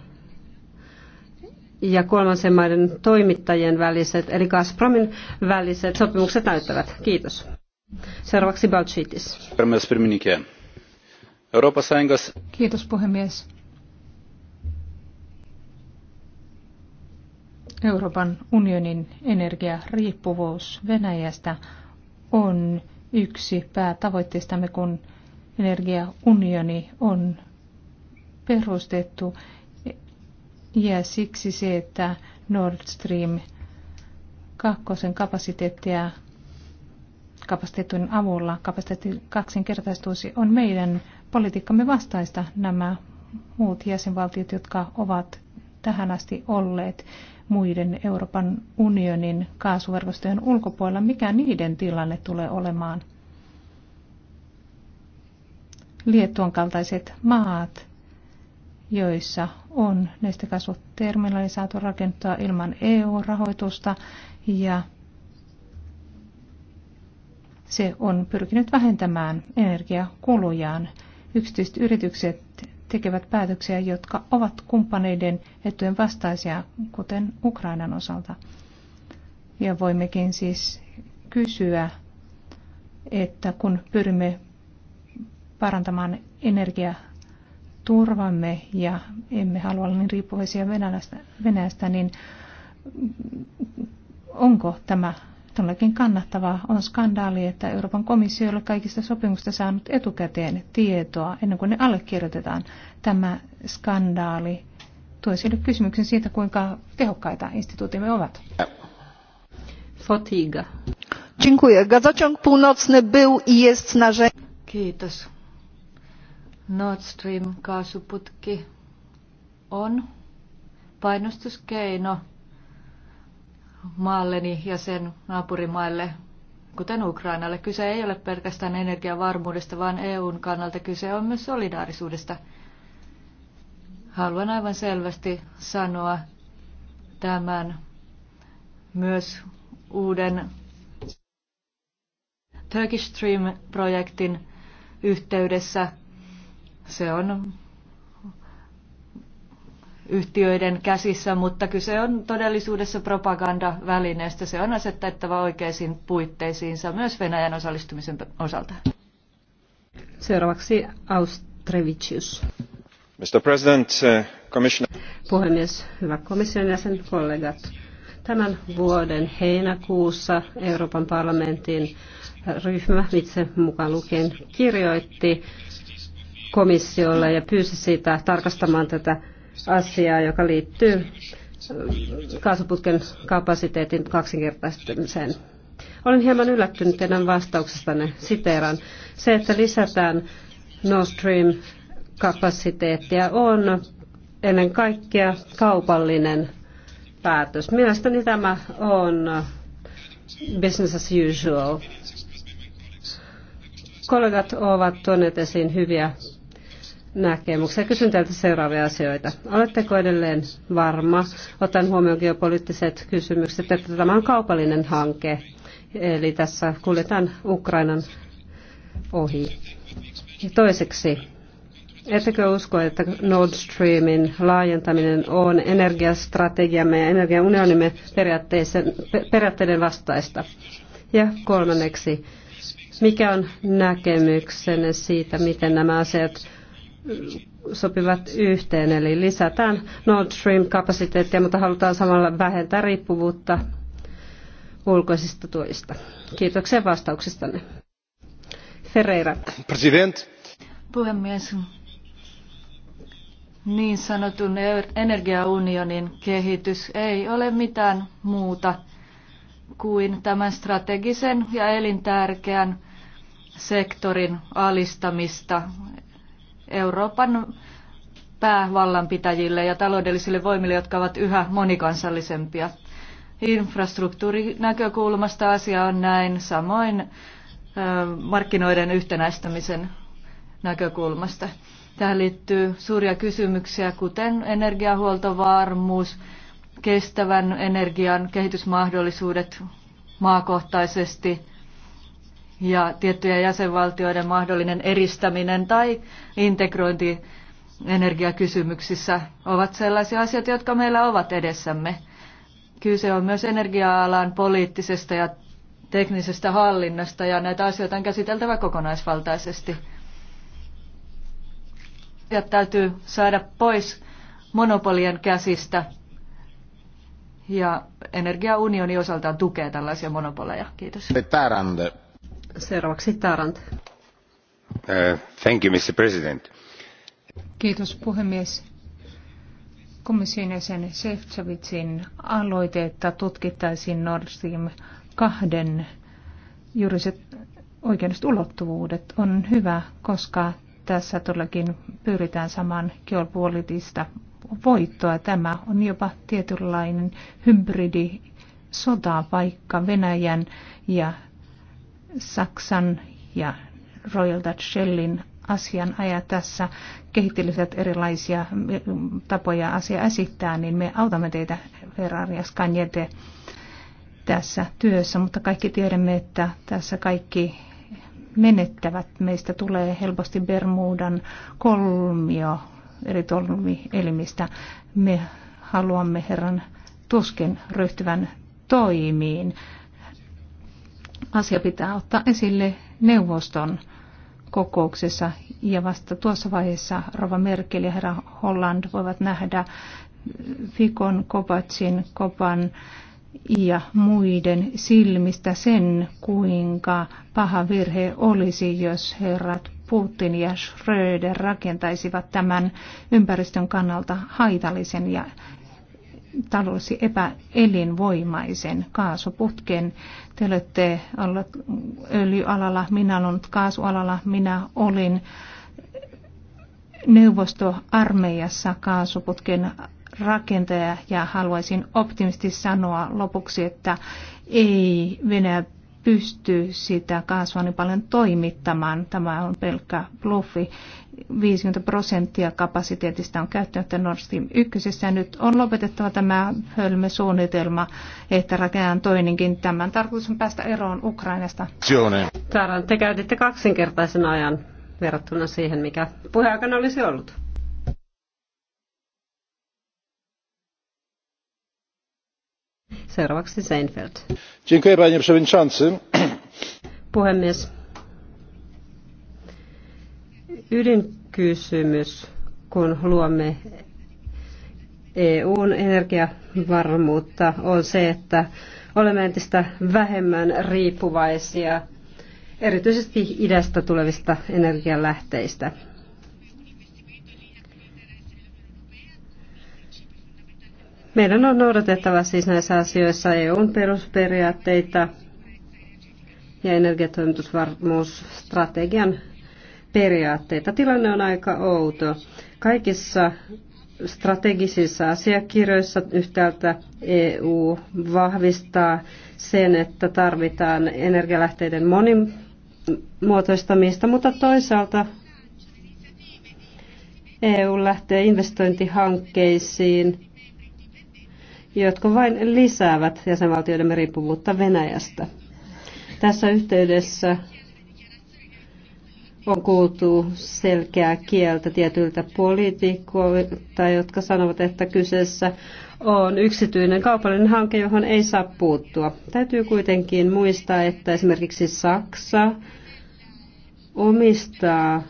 ja kolmansien maiden toimittajien väliset, eli Gazpromin väliset sopimukset näyttävät. Kiitos. Seuraavaksi Balchitis. Kiitos puhemies. Euroopan unionin energiariippuvuus Venäjästä on yksi päätavoitteistamme, kun energiaunioni on perustettu. Ja siksi se, että Nord Stream 2 kapasiteettia kapasiteetun avulla kapasiteetti kaksinkertaistuisi, on meidän politiikkamme vastaista nämä muut jäsenvaltiot, jotka ovat tähän asti olleet muiden Euroopan unionin kaasuverkostojen ulkopuolella, mikä niiden tilanne tulee olemaan. Liettuan kaltaiset maat, joissa on näistä kasvuterminaali saatu rakentaa ilman EU-rahoitusta ja se on pyrkinyt vähentämään energiakulujaan. Yksityiset yritykset tekevät päätöksiä, jotka ovat kumppaneiden etujen vastaisia, kuten Ukrainan osalta. Ja voimmekin siis kysyä, että kun pyrimme parantamaan energiaturvamme ja emme halua olla niin riippuvaisia Venäjästä, niin onko tämä todellakin kannattavaa. On skandaali, että Euroopan komissio ei ole kaikista sopimuksista saanut etukäteen tietoa ennen kuin ne allekirjoitetaan. Tämä skandaali tuo sille kysymyksen siitä, kuinka tehokkaita instituutimme ovat. Fotiga. Dziękuję. Gazociąg północny był i jest narzędziem. Kiitos. Nord Stream kaasuputki on painostuskeino maalleni ja sen naapurimaille, kuten Ukrainalle. Kyse ei ole pelkästään energiavarmuudesta, vaan EUn kannalta kyse on myös solidaarisuudesta. Haluan aivan selvästi sanoa tämän myös uuden Turkish Stream-projektin yhteydessä. Se on yhtiöiden käsissä, mutta kyse on todellisuudessa propagandavälineestä. Se on asettettava oikeisiin puitteisiinsa myös Venäjän osallistumisen osalta. Seuraavaksi Austrevicius. Mr. President, uh, Commissioner. Puhemies, hyvä komission jäsen, kollegat. Tämän vuoden heinäkuussa Euroopan parlamentin ryhmä, itse mukaan lukien, kirjoitti komissiolle ja pyysi sitä tarkastamaan tätä asiaa, joka liittyy kaasuputken kapasiteetin kaksinkertaistamiseen. Olen hieman yllättynyt teidän vastauksestanne. Siteeran. Se, että lisätään Nord Stream kapasiteettia on ennen kaikkea kaupallinen päätös. Mielestäni tämä on business as usual. Kollegat ovat tuoneet esiin hyviä näkemyksiä. Kysyn teiltä seuraavia asioita. Oletteko edelleen varma, otan huomioon geopoliittiset kysymykset, että tämä on kaupallinen hanke, eli tässä kuljetaan Ukrainan ohi. Ja toiseksi, ettekö usko, että Nord Streamin laajentaminen on energiastrategiamme ja energiaunionimme periaatteiden vastaista? Ja kolmanneksi, mikä on näkemyksenne siitä, miten nämä asiat sopivat yhteen, eli lisätään Nord Stream-kapasiteettia, mutta halutaan samalla vähentää riippuvuutta ulkoisista tuista. Kiitoksia vastauksistanne. Ferreira. President. Puhemies. Niin sanotun energiaunionin kehitys ei ole mitään muuta kuin tämän strategisen ja elintärkeän sektorin alistamista Euroopan päävallanpitäjille ja taloudellisille voimille, jotka ovat yhä monikansallisempia. Infrastruktuurinäkökulmasta asia on näin, samoin markkinoiden yhtenäistämisen näkökulmasta. Tähän liittyy suuria kysymyksiä, kuten energiahuoltovarmuus, kestävän energian kehitysmahdollisuudet maakohtaisesti – ja tiettyjen jäsenvaltioiden mahdollinen eristäminen tai integrointi energiakysymyksissä ovat sellaisia asioita, jotka meillä ovat edessämme. Kyse on myös energia-alan poliittisesta ja teknisestä hallinnasta ja näitä asioita on käsiteltävä kokonaisvaltaisesti. Ja täytyy saada pois monopolien käsistä ja energiaunioni osaltaan tukee tällaisia monopoleja. Kiitos. Seuraavaksi Tarant. Uh, thank you, Mr. President. Kiitos puhemies. Komission jäsen Sefcovicin aloite, että tutkittaisiin Nord Stream 2 juriset oikeudelliset ulottuvuudet on hyvä, koska tässä todellakin pyritään saman geopoliittista voittoa. Tämä on jopa tietynlainen hybridisota, vaikka Venäjän ja Saksan ja Royal Dutch Shellin asianaja tässä kehittelisivät erilaisia mm, tapoja asia esittää, niin me autamme teitä Ferrari ja Scagnete tässä työssä, mutta kaikki tiedämme, että tässä kaikki menettävät. Meistä tulee helposti Bermudan kolmio eri toimielimistä. Me haluamme Herran tuskin ryhtyvän toimiin asia pitää ottaa esille neuvoston kokouksessa ja vasta tuossa vaiheessa Rova Merkel ja herra Holland voivat nähdä Fikon, Kopatsin, Kopan ja muiden silmistä sen, kuinka paha virhe olisi, jos herrat Putin ja Schröder rakentaisivat tämän ympäristön kannalta haitallisen ja talosi epäelinvoimaisen kaasuputken. Te olette olleet öljyalalla, minä olen ollut kaasualalla, minä olin neuvostoarmeijassa kaasuputken rakentaja ja haluaisin optimisti sanoa lopuksi, että ei Venäjä pysty sitä kaasua niin paljon toimittamaan. Tämä on pelkkä bluffi. 50 prosenttia kapasiteetista on käyttänyt Nord Stream 1. Ja nyt on lopetettava tämä suunnitelma, että rakennetaan toinenkin. Tämän tarkoitus on päästä eroon Ukrainasta. Täällä te käytitte kaksinkertaisen ajan verrattuna siihen, mikä puheaikana olisi ollut. Seuraavaksi Seinfeld. Dziękuję, panie przewodniczący. Puhemies ydinkysymys, kun luomme EUn energiavarmuutta, on se, että olemme entistä vähemmän riippuvaisia erityisesti idästä tulevista energialähteistä. Meidän on noudatettava siis näissä asioissa EUn perusperiaatteita ja energiatoimitusvarmuusstrategian periaatteita. Tilanne on aika outo. Kaikissa strategisissa asiakirjoissa yhtäältä EU vahvistaa sen, että tarvitaan energialähteiden monimuotoistamista, mutta toisaalta EU lähtee investointihankkeisiin, jotka vain lisäävät jäsenvaltioiden riippuvuutta Venäjästä. Tässä yhteydessä on kuultu selkeää kieltä tietyiltä poliitikoilta, jotka sanovat, että kyseessä on yksityinen kaupallinen hanke, johon ei saa puuttua. Täytyy kuitenkin muistaa, että esimerkiksi Saksa omistaa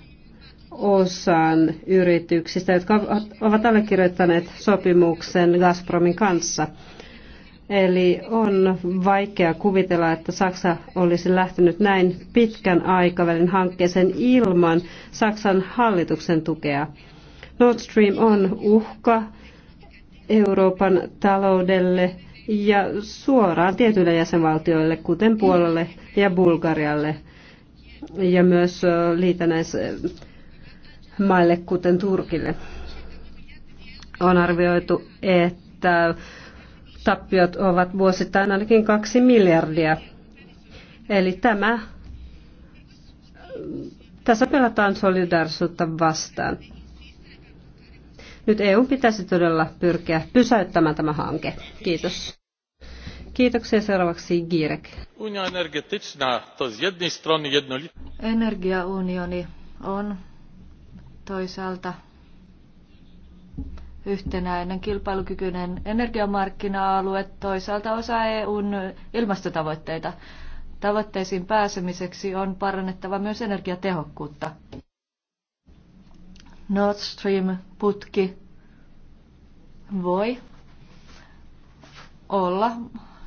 osan yrityksistä, jotka ovat allekirjoittaneet sopimuksen Gazpromin kanssa. Eli on vaikea kuvitella, että Saksa olisi lähtenyt näin pitkän aikavälin hankkeeseen ilman Saksan hallituksen tukea. Nord Stream on uhka Euroopan taloudelle ja suoraan tietyille jäsenvaltioille, kuten Puolalle ja Bulgarialle ja myös liitännäismaille, kuten Turkille. On arvioitu, että tappiot ovat vuosittain ainakin kaksi miljardia. Eli tämä, tässä pelataan solidarisuutta vastaan. Nyt EU pitäisi todella pyrkiä pysäyttämään tämä hanke. Kiitos. Kiitoksia seuraavaksi Girek. Energiaunioni on toisaalta yhtenäinen kilpailukykyinen energiamarkkina-alue, toisaalta osa EUn ilmastotavoitteita. Tavoitteisiin pääsemiseksi on parannettava myös energiatehokkuutta. Nord Stream-putki voi olla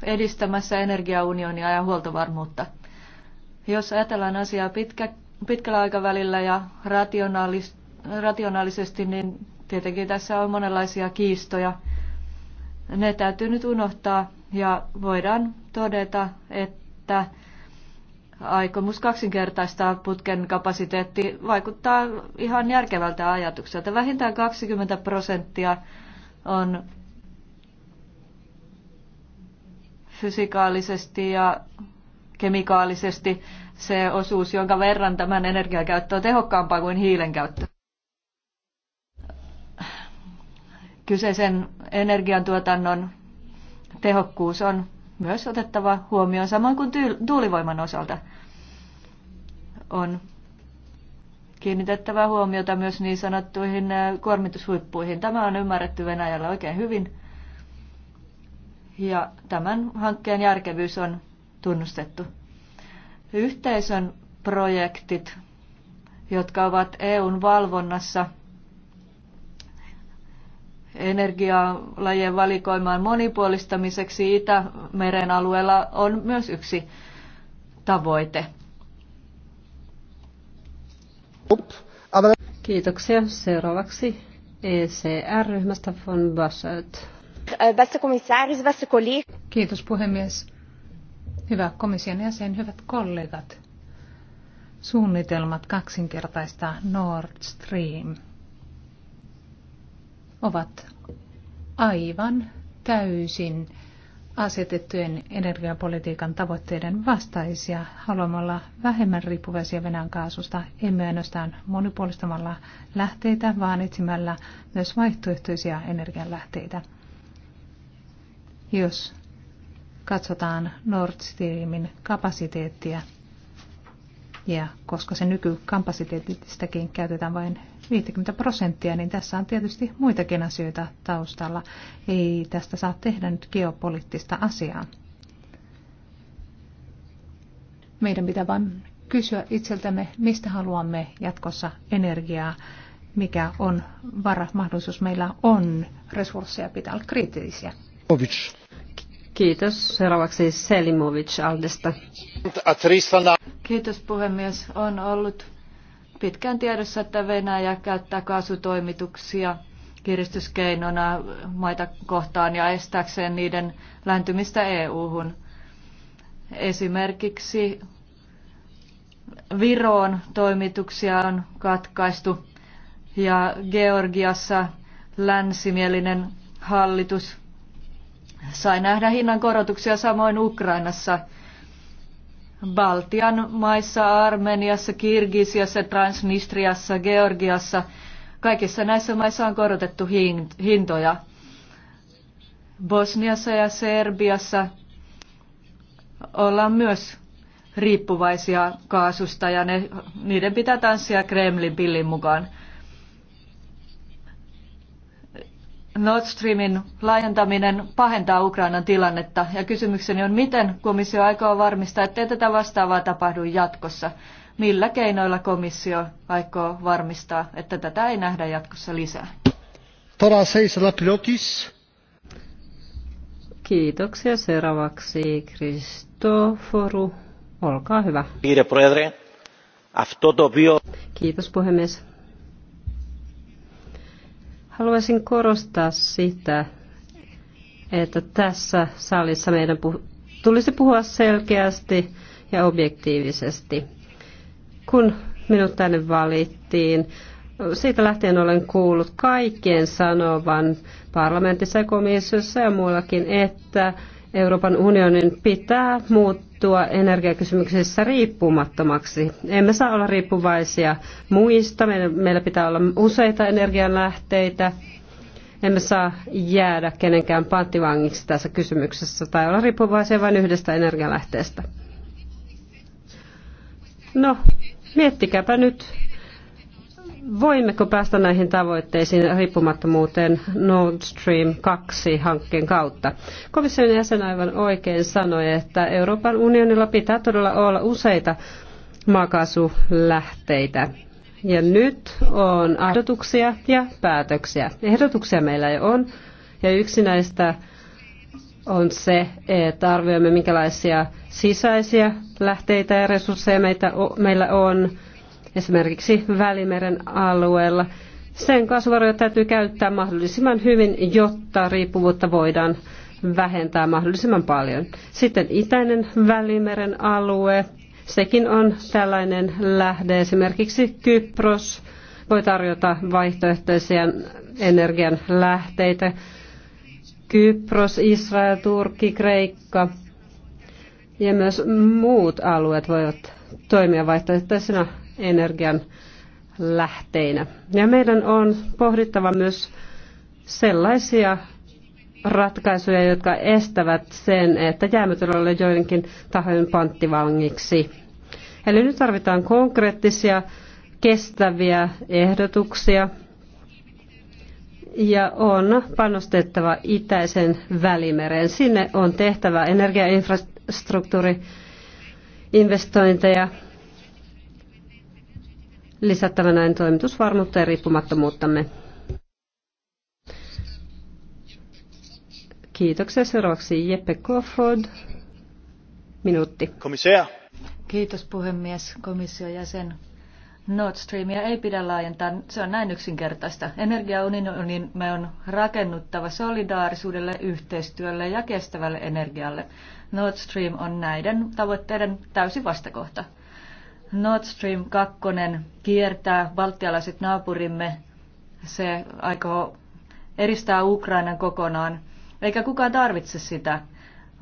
edistämässä energiaunionia ja huoltovarmuutta. Jos ajatellaan asiaa pitkä, pitkällä aikavälillä ja rationaalisesti, niin Tietenkin tässä on monenlaisia kiistoja. Ne täytyy nyt unohtaa ja voidaan todeta, että aikomus kaksinkertaistaa putken kapasiteetti vaikuttaa ihan järkevältä ajatukselta. Vähintään 20 prosenttia on fysikaalisesti ja kemikaalisesti se osuus, jonka verran tämän energiakäyttö on tehokkaampaa kuin hiilen käyttö. kyseisen energiantuotannon tehokkuus on myös otettava huomioon, samoin kuin tuulivoiman osalta on kiinnitettävä huomiota myös niin sanottuihin äh, kuormitushuippuihin. Tämä on ymmärretty Venäjällä oikein hyvin ja tämän hankkeen järkevyys on tunnustettu. Yhteisön projektit, jotka ovat EUn valvonnassa – energialajien valikoimaan monipuolistamiseksi Itämeren alueella on myös yksi tavoite. Kiitoksia. Seuraavaksi ECR-ryhmästä von Bassert. Kiitos puhemies. Hyvä komission jäsen, hyvät kollegat. Suunnitelmat kaksinkertaista Nord Stream ovat aivan täysin asetettujen energiapolitiikan tavoitteiden vastaisia haluamalla vähemmän riippuvaisia Venäjän kaasusta, emme ainoastaan monipuolistamalla lähteitä, vaan etsimällä myös vaihtoehtoisia energianlähteitä. Jos katsotaan Nord Streamin kapasiteettia, ja koska se nykykapasiteetistakin käytetään vain 50 prosenttia, niin tässä on tietysti muitakin asioita taustalla. Ei tästä saa tehdä nyt geopoliittista asiaa. Meidän pitää vain kysyä itseltämme, mistä haluamme jatkossa energiaa, mikä on vara, mahdollisuus meillä on. Resursseja pitää olla kriittisiä. Kiitos. Seuraavaksi Selimovic Aldesta. Kiitos puhemies. On ollut pitkään tiedossa, että Venäjä käyttää kaasutoimituksia kiristyskeinona maita kohtaan ja estääkseen niiden läntymistä EU-hun. Esimerkiksi Viroon toimituksia on katkaistu ja Georgiassa länsimielinen hallitus sai nähdä hinnan korotuksia samoin Ukrainassa – Baltian maissa, Armeniassa, Kirgisiassa, Transnistriassa, Georgiassa. Kaikissa näissä maissa on korotettu hintoja. Bosniassa ja Serbiassa ollaan myös riippuvaisia kaasusta ja ne, niiden pitää tanssia Kremlin pillin mukaan. Nord Streamin laajentaminen pahentaa Ukrainan tilannetta ja kysymykseni on, miten komissio aikoo varmistaa, ettei tätä vastaavaa tapahdu jatkossa. Millä keinoilla komissio aikoo varmistaa, että tätä ei nähdä jatkossa lisää? Kiitoksia. Seuraavaksi Kristoforu. Olkaa hyvä. Kiitos puhemies Haluaisin korostaa sitä, että tässä salissa meidän puh- tulisi puhua selkeästi ja objektiivisesti. Kun minut tänne valittiin, siitä lähtien olen kuullut kaikkien sanovan parlamentissa ja komissiossa ja muuallakin, että Euroopan unionin pitää muuttua energiakysymyksissä riippumattomaksi. Emme saa olla riippuvaisia muista, meillä pitää olla useita energianlähteitä. Emme saa jäädä kenenkään panttivangiksi tässä kysymyksessä tai olla riippuvaisia vain yhdestä energialähteestä. No, miettikääpä nyt Voimmeko päästä näihin tavoitteisiin riippumattomuuteen Nord Stream 2-hankkeen kautta? Komission jäsen aivan oikein sanoi, että Euroopan unionilla pitää todella olla useita maakaasulähteitä. Ja nyt on ehdotuksia ja päätöksiä. Ehdotuksia meillä jo on, ja yksi näistä on se, että arvioimme minkälaisia sisäisiä lähteitä ja resursseja meitä, meillä on, esimerkiksi Välimeren alueella. Sen kasvuvaroja täytyy käyttää mahdollisimman hyvin, jotta riippuvuutta voidaan vähentää mahdollisimman paljon. Sitten itäinen Välimeren alue, sekin on tällainen lähde. Esimerkiksi Kypros voi tarjota vaihtoehtoisia energian lähteitä. Kypros, Israel, Turkki, Kreikka ja myös muut alueet voivat toimia vaihtoehtoisena energian lähteinä. Ja meidän on pohdittava myös sellaisia ratkaisuja, jotka estävät sen, että jäämme todella joidenkin tahojen panttivangiksi. Eli nyt tarvitaan konkreettisia, kestäviä ehdotuksia ja on panostettava itäisen välimereen. Sinne on tehtävä energiainfrastruktuuri investointeja lisättävä näin toimitusvarmuutta ja riippumattomuuttamme. Kiitoksia. Seuraavaksi Jeppe Kofod. Minuutti. Komissio. Kiitos puhemies, komission jäsen. Nord Streamia ei pidä laajentaa, se on näin yksinkertaista. Energiaunionin me on rakennuttava solidaarisuudelle, yhteistyölle ja kestävälle energialle. Nord Stream on näiden tavoitteiden täysi vastakohta. Nord Stream 2 kiertää valtialaiset naapurimme. Se aikoo eristää Ukrainan kokonaan, eikä kukaan tarvitse sitä.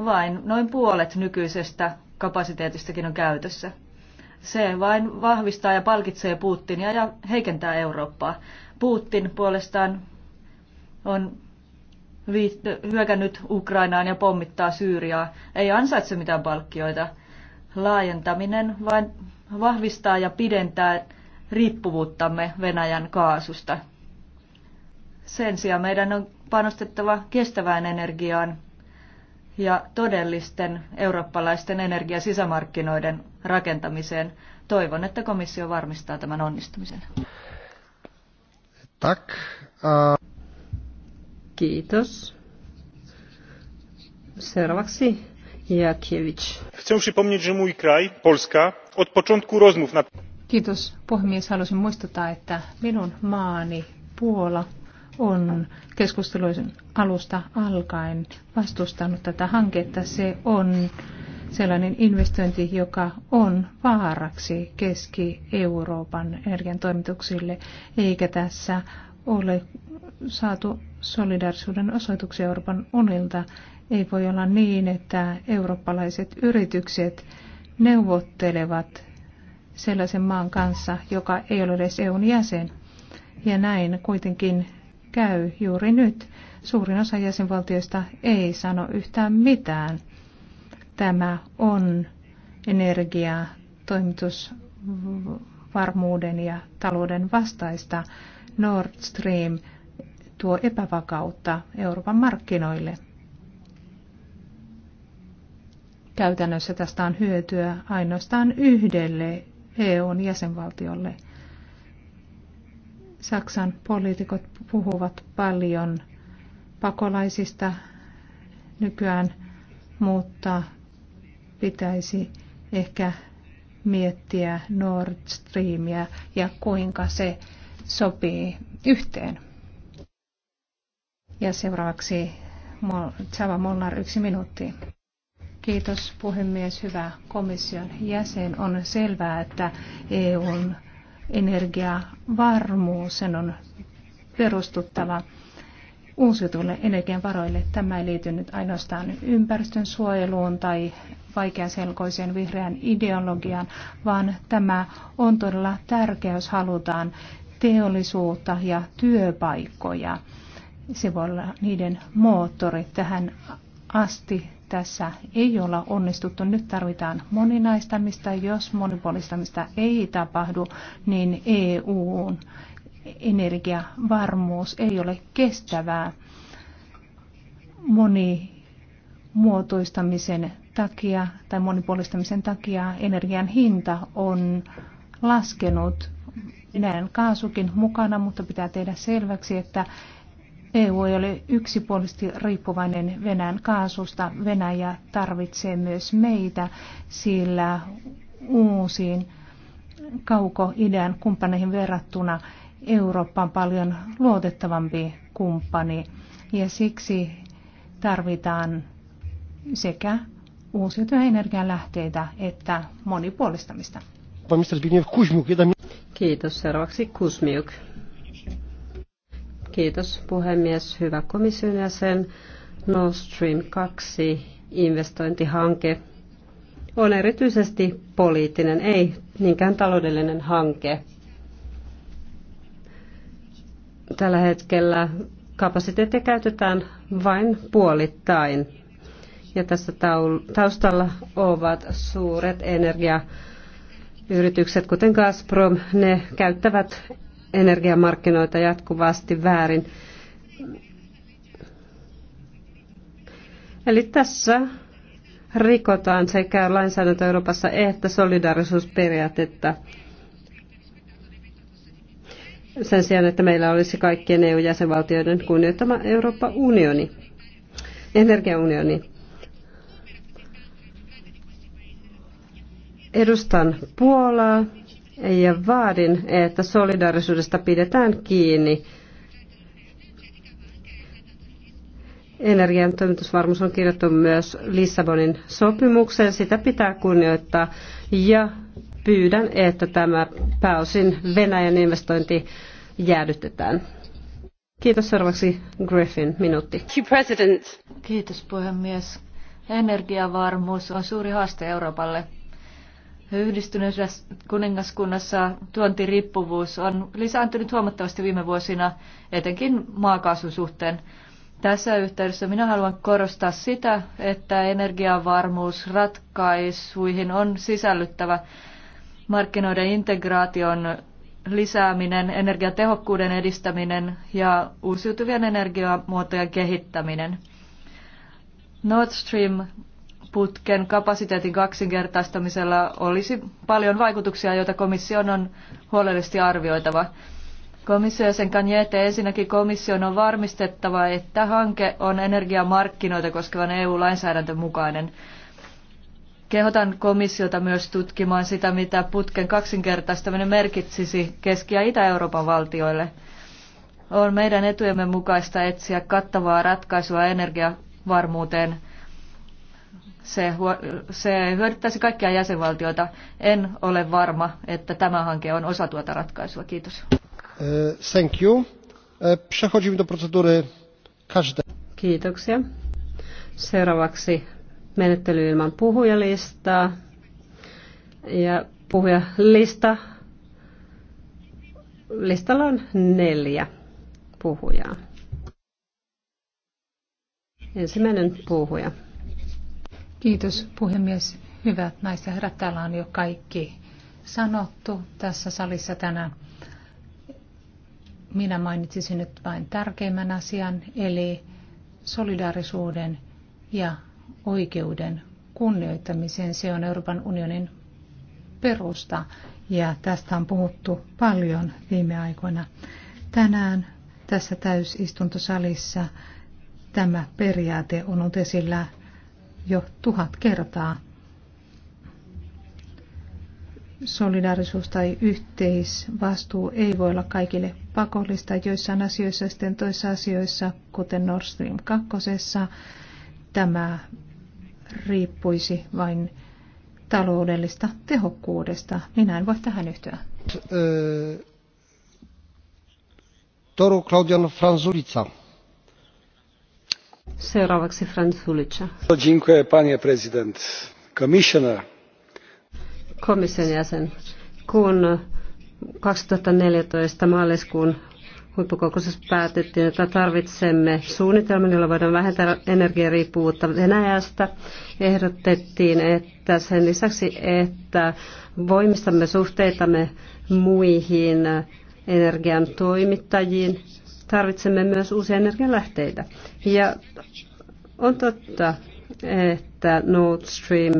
Vain noin puolet nykyisestä kapasiteetistakin on käytössä. Se vain vahvistaa ja palkitsee Putinia ja heikentää Eurooppaa. Putin puolestaan on hyökännyt Ukrainaan ja pommittaa Syyriaa. Ei ansaitse mitään palkkioita. Laajentaminen vain vahvistaa ja pidentää riippuvuuttamme Venäjän kaasusta. Sen sijaan meidän on panostettava kestävään energiaan ja todellisten eurooppalaisten energiasisämarkkinoiden rakentamiseen. Toivon, että komissio varmistaa tämän onnistumisen. Uh... Kiitos. Seuraavaksi Jakiewicz. Chcę przypomnieć, że mój kraj, Polska, od początku rozmów na... Kiitos puhemies. Haluaisin muistuttaa, että minun maani Puola on keskustelujen alusta alkaen vastustanut tätä hanketta. Se on sellainen investointi, joka on vaaraksi Keski-Euroopan energiantoimituksille, eikä tässä ole saatu solidarisuuden osoituksia Euroopan unilta. Ei voi olla niin, että eurooppalaiset yritykset neuvottelevat sellaisen maan kanssa, joka ei ole edes EUn jäsen. Ja näin kuitenkin käy juuri nyt. Suurin osa jäsenvaltioista ei sano yhtään mitään. Tämä on energia, toimitusvarmuuden ja talouden vastaista Nord Stream tuo epävakautta Euroopan markkinoille. Käytännössä tästä on hyötyä ainoastaan yhdelle EUn jäsenvaltiolle. Saksan poliitikot puhuvat paljon pakolaisista nykyään, mutta pitäisi ehkä miettiä Nord Streamia ja kuinka se sopii yhteen. Ja seuraavaksi Chava Molnar yksi minuutti. Kiitos puhemies, hyvä komission jäsen. On selvää, että EUn energiavarmuus sen on perustuttava uusiutuville energianvaroille. Tämä ei liity nyt ainoastaan ympäristön suojeluun tai vaikeaselkoiseen vihreän ideologiaan, vaan tämä on todella tärkeä, jos halutaan teollisuutta ja työpaikkoja. Se voi olla niiden moottori. Tähän asti tässä ei olla onnistuttu. Nyt tarvitaan moninaistamista. Jos monipuolistamista ei tapahdu, niin EUn energiavarmuus ei ole kestävää. Monimuotoistamisen takia tai monipuolistamisen takia energian hinta on laskenut. Näen kaasukin mukana, mutta pitää tehdä selväksi, että EU ei ole yksipuolisesti riippuvainen Venäjän kaasusta. Venäjä tarvitsee myös meitä, sillä uusiin kauko-idän kumppaneihin verrattuna Eurooppa on paljon luotettavampi kumppani ja siksi tarvitaan sekä uusiutuvia energialähteitä että monipuolistamista. Kiitos. Seuraavaksi Kuzmiuk. Kiitos puhemies, hyvä komission jäsen. Nord Stream 2 investointihanke on erityisesti poliittinen, ei niinkään taloudellinen hanke. Tällä hetkellä kapasiteettia käytetään vain puolittain. Ja tässä taustalla ovat suuret energiayritykset, kuten Gazprom. Ne käyttävät energiamarkkinoita jatkuvasti väärin. Eli tässä rikotaan sekä lainsäädäntö Euroopassa että solidaarisuusperiaatetta sen sijaan, että meillä olisi kaikkien EU-jäsenvaltioiden kunnioittama Euroopan unioni, energiaunioni. Edustan Puolaa ja vaadin, että solidaarisuudesta pidetään kiinni. Energian toimitusvarmuus on kirjattu myös Lissabonin sopimukseen. Sitä pitää kunnioittaa ja pyydän, että tämä pääosin Venäjän investointi jäädytetään. Kiitos seuraavaksi Griffin, minuutti. Kiitos puhemies. Energiavarmuus on suuri haaste Euroopalle. Yhdistyneessä kuningaskunnassa tuontiriippuvuus on lisääntynyt huomattavasti viime vuosina, etenkin maakaasun suhteen. Tässä yhteydessä minä haluan korostaa sitä, että energiavarmuus ratkaisuihin on sisällyttävä markkinoiden integraation lisääminen, energiatehokkuuden edistäminen ja uusiutuvien energiamuotojen kehittäminen. Nord Stream putken kapasiteetin kaksinkertaistamisella olisi paljon vaikutuksia, joita komission on huolellisesti arvioitava. Komissio ja sen kanjete ensinnäkin komission on varmistettava, että hanke on energiamarkkinoita koskevan EU-lainsäädäntön mukainen. Kehotan komissiota myös tutkimaan sitä, mitä putken kaksinkertaistaminen merkitsisi Keski- ja Itä-Euroopan valtioille. On meidän etujemme mukaista etsiä kattavaa ratkaisua energiavarmuuteen se, se hyödyttäisi kaikkia jäsenvaltioita. En ole varma, että tämä hanke on osa tuota ratkaisua. Kiitos. Eh, thank you. Eh, przechodzimy do procedury każde. Kiitoksia. Seuraavaksi menettely ilman puhujalistaa. Ja puhujalista, listalla on neljä puhujaa. Ensimmäinen puhuja. Kiitos puhemies. Hyvät naiset ja herrat, täällä on jo kaikki sanottu tässä salissa tänään. Minä mainitsisin nyt vain tärkeimmän asian, eli solidaarisuuden ja oikeuden kunnioittamisen Se on Euroopan unionin perusta ja tästä on puhuttu paljon viime aikoina. Tänään tässä täysistuntosalissa tämä periaate on ollut esillä jo tuhat kertaa. Solidaarisuus tai yhteisvastuu ei voi olla kaikille pakollista joissain asioissa, sitten toissa asioissa, kuten Nord Stream 2. Tämä riippuisi vain taloudellista tehokkuudesta. Minä en voi tähän yhtyä. Toru Claudian Franzulica. Seuraavaksi panie president. Commissioner. Komission jäsen. Kun neljätoista maaliskuun huippukokouksessa päätettiin, että tarvitsemme suunnitelman, jolla voidaan vähentää energiariippuvuutta Venäjästä. Ehdotettiin, että sen lisäksi, että voimistamme suhteitamme muihin energian toimittajiin, tarvitsemme myös uusia energialähteitä. Ja on totta, että Nord Stream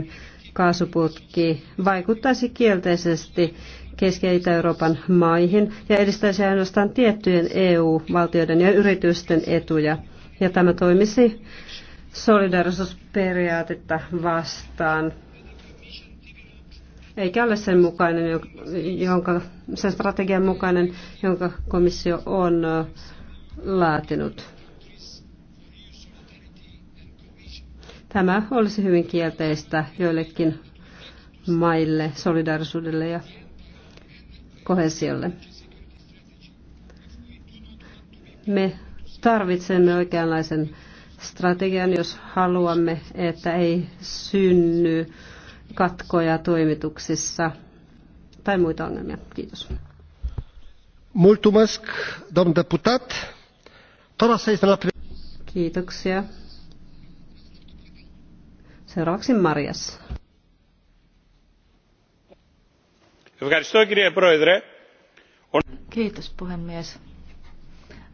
kaasuputki vaikuttaisi kielteisesti Keski- ja Itä-Euroopan maihin ja edistäisi ainoastaan tiettyjen EU-valtioiden ja yritysten etuja. Ja tämä toimisi solidarisuusperiaatetta vastaan, eikä ole sen, mukainen, jonka, sen strategian mukainen, jonka komissio on laatinut. Tämä olisi hyvin kielteistä joillekin maille, solidaarisuudelle ja kohesiolle. Me tarvitsemme oikeanlaisen strategian, jos haluamme, että ei synny katkoja toimituksissa tai muita ongelmia. Kiitos. Mulțumesc, domn deputat. Kiitoksia. Seuraavaksi Marias. Kiitos puhemies.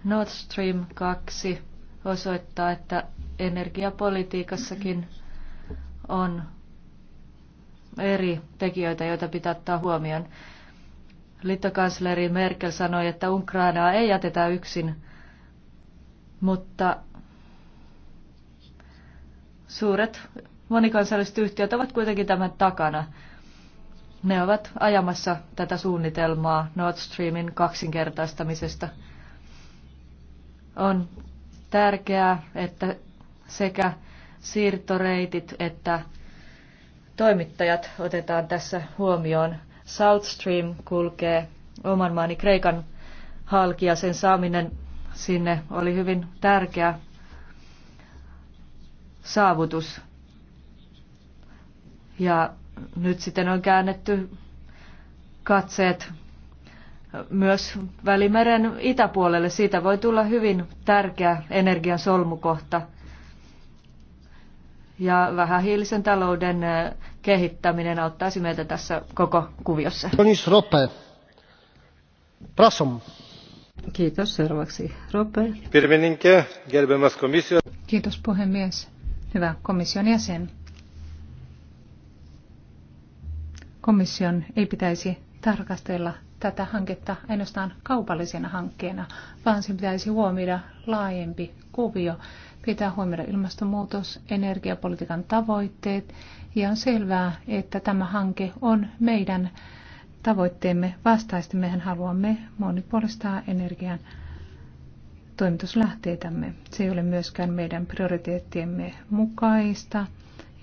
Nord Stream 2 osoittaa, että energiapolitiikassakin on eri tekijöitä, joita pitää ottaa huomioon. Liittokansleri Merkel sanoi, että Ukrainaa ei jätetä yksin mutta suuret monikansalliset yhtiöt ovat kuitenkin tämän takana. Ne ovat ajamassa tätä suunnitelmaa Nord Streamin kaksinkertaistamisesta. On tärkeää, että sekä siirtoreitit että toimittajat otetaan tässä huomioon. South Stream kulkee oman maani Kreikan halki ja sen saaminen sinne oli hyvin tärkeä saavutus. Ja nyt sitten on käännetty katseet myös Välimeren itäpuolelle. Siitä voi tulla hyvin tärkeä energian solmukohta ja vähähiilisen talouden kehittäminen auttaisi meitä tässä koko kuviossa. Tonis Rope. Prasom. Kiitos. Seuraavaksi Rope. Pirmininke, gerbiamas komissio. Kiitos puhemies. Hyvä komission jäsen. Komission ei pitäisi tarkastella tätä hanketta ainoastaan kaupallisena hankkeena, vaan sen pitäisi huomioida laajempi kuvio. Pitää huomioida ilmastonmuutos, energiapolitiikan tavoitteet ja on selvää, että tämä hanke on meidän tavoitteemme vastaista Mehän haluamme monipuolistaa energian toimituslähteitämme. Se ei ole myöskään meidän prioriteettiemme mukaista,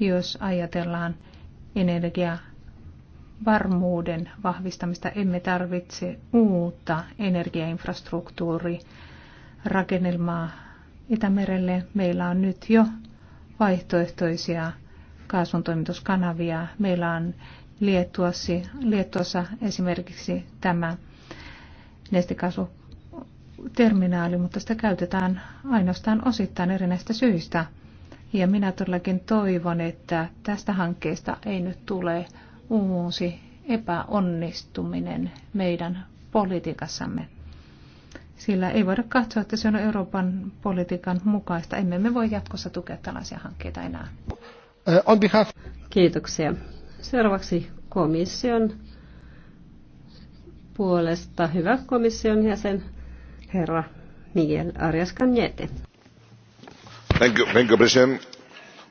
jos ajatellaan energiavarmuuden vahvistamista. Emme tarvitse uutta energiainfrastruktuurirakennelmaa Itämerelle. Meillä on nyt jo vaihtoehtoisia kaasuntoimituskanavia. Meillä on Liettuossa, Liettuossa esimerkiksi tämä nestikaasuterminaali, mutta sitä käytetään ainoastaan osittain erinäistä syistä. Ja minä todellakin toivon, että tästä hankkeesta ei nyt tule uusi epäonnistuminen meidän politiikassamme. Sillä ei voida katsoa, että se on Euroopan politiikan mukaista. Emme me voi jatkossa tukea tällaisia hankkeita enää. Uh, on behalf... Kiitoksia. Seuraavaksi komission puolesta hyvä komission jäsen herra Miguel Arias Cañete. Thank you, thank you, President.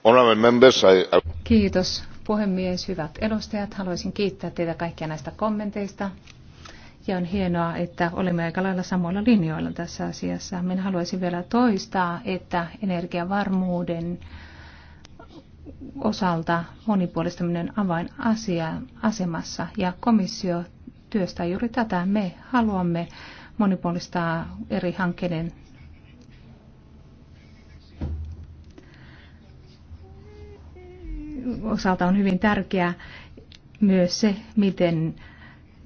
Honorable members, I, Kiitos puhemies, hyvät edustajat. Haluaisin kiittää teitä kaikkia näistä kommenteista. Ja on hienoa, että olemme aika lailla samoilla linjoilla tässä asiassa. Minä haluaisin vielä toistaa, että energiavarmuuden osalta monipuolistaminen avainasia asemassa ja komissio työstää juuri tätä. Me haluamme monipuolistaa eri hankkeiden osalta on hyvin tärkeää myös se, miten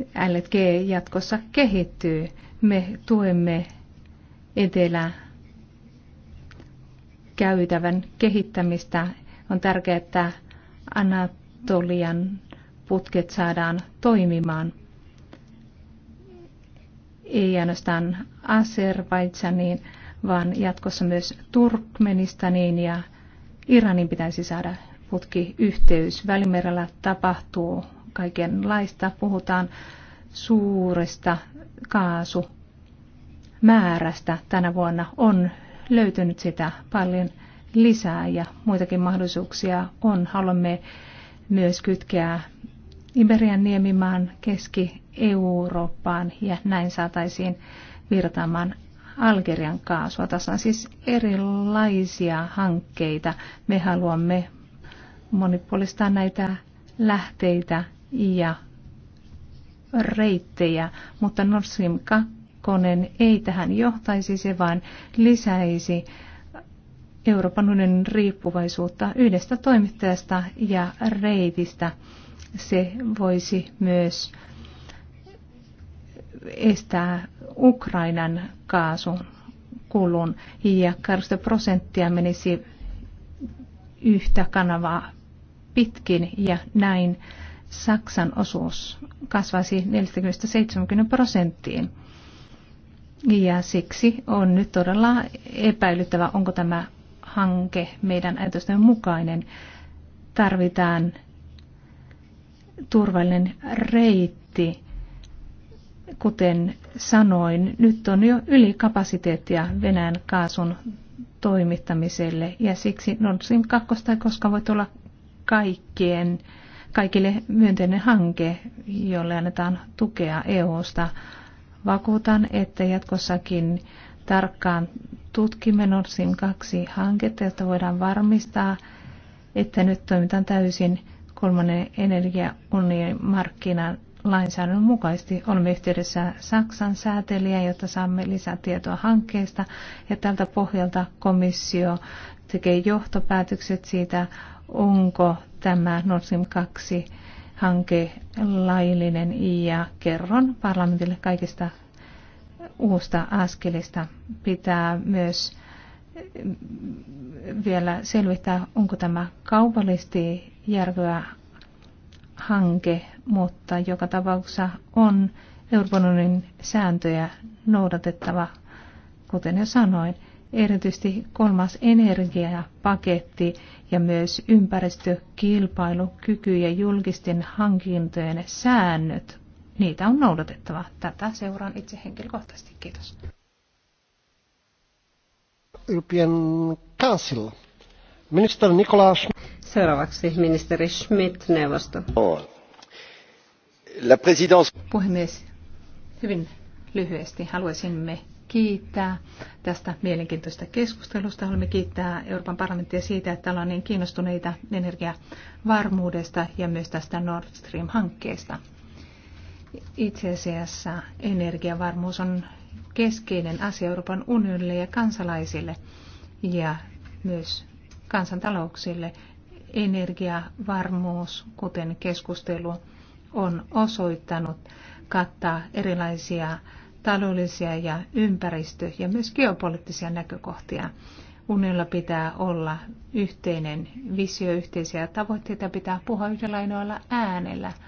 LG jatkossa kehittyy. Me tuemme etelä käytävän kehittämistä on tärkeää, että Anatolian putket saadaan toimimaan. Ei ainoastaan Azerbaidsaniin, vaan jatkossa myös Turkmenistaniin ja Iranin pitäisi saada putkiyhteys. Välimerellä tapahtuu kaikenlaista. Puhutaan suuresta kaasu määrästä tänä vuonna on löytynyt sitä paljon lisää ja muitakin mahdollisuuksia on. Haluamme myös kytkeä Iberian niemimaan Keski-Eurooppaan ja näin saataisiin virtaamaan Algerian kaasua. Tässä on siis erilaisia hankkeita. Me haluamme monipuolistaa näitä lähteitä ja reittejä, mutta Nord Stream 2 ei tähän johtaisi, se vaan lisäisi Euroopan unionin riippuvaisuutta yhdestä toimittajasta ja reitistä. Se voisi myös estää Ukrainan kaasun kulun ja 20 prosenttia menisi yhtä kanavaa pitkin ja näin Saksan osuus kasvaisi 40-70 prosenttiin. Ja siksi on nyt todella epäilyttävä, onko tämä hanke meidän ajatusten mukainen. Tarvitaan turvallinen reitti. Kuten sanoin, nyt on jo ylikapasiteettia Venäjän kaasun toimittamiselle ja siksi Nord Stream 2 ei koskaan voi olla kaikkien, kaikille myönteinen hanke, jolle annetaan tukea EU-sta. Vakuutan, että jatkossakin tarkkaan tutkimme Norsin kaksi hanketta, jotta voidaan varmistaa, että nyt toimitaan täysin kolmannen energiaunionin markkinan lainsäädännön mukaisesti. Olemme yhteydessä Saksan säätelijä, jotta saamme lisätietoa hankkeesta. Ja tältä pohjalta komissio tekee johtopäätökset siitä, onko tämä Nord Stream 2 hanke laillinen ja kerron parlamentille kaikista uusta askelista. Pitää myös mm, vielä selvittää, onko tämä kaupallisesti järkevä hanke, mutta joka tapauksessa on Euroopan unionin sääntöjä noudatettava, kuten jo sanoin. Erityisesti kolmas energiapaketti ja myös ympäristökilpailukyky ja julkisten hankintojen säännöt niitä on noudatettava. Tätä seuraan itse henkilökohtaisesti. Kiitos. European Council. Minister Nicolas. Seuraavaksi ministeri Schmidt, neuvosto. La présidence... Puhemies, hyvin lyhyesti haluaisimme kiittää tästä mielenkiintoista keskustelusta. Haluamme kiittää Euroopan parlamenttia siitä, että ollaan niin kiinnostuneita energiavarmuudesta ja myös tästä Nord Stream-hankkeesta. Itse asiassa energiavarmuus on keskeinen asia Euroopan unionille ja kansalaisille ja myös kansantalouksille. Energiavarmuus, kuten keskustelu on osoittanut, kattaa erilaisia taloudellisia ja ympäristö- ja myös geopoliittisia näkökohtia. Unionilla pitää olla yhteinen visio, yhteisiä tavoitteita, pitää puhua yhdellä ainoalla äänellä –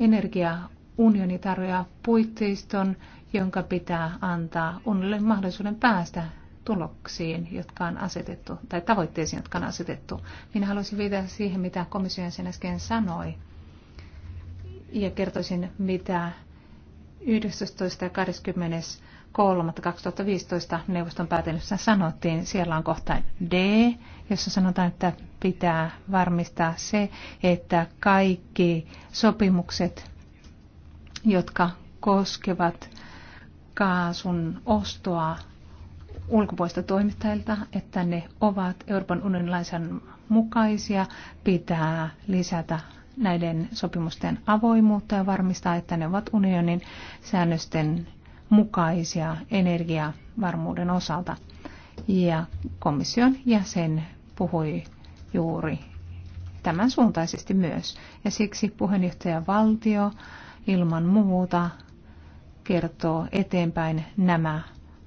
Energiaunioni tarjoaa puitteiston, jonka pitää antaa unille mahdollisuuden päästä tuloksiin, jotka on asetettu, tai tavoitteisiin, jotka on asetettu. Minä haluaisin viitata siihen, mitä komission sen äsken sanoi, ja kertoisin, mitä 19. ja 20. 3.2015 neuvoston päätelmissä sanottiin, siellä on kohta D, jossa sanotaan, että pitää varmistaa se, että kaikki sopimukset, jotka koskevat kaasun ostoa ulkopuolista toimittajilta, että ne ovat Euroopan unionin lainsäädännön mukaisia, pitää lisätä näiden sopimusten avoimuutta ja varmistaa, että ne ovat unionin säännösten mukaisia energiavarmuuden osalta. Ja komission jäsen puhui juuri tämän suuntaisesti myös. Ja siksi valtio ilman muuta kertoo eteenpäin nämä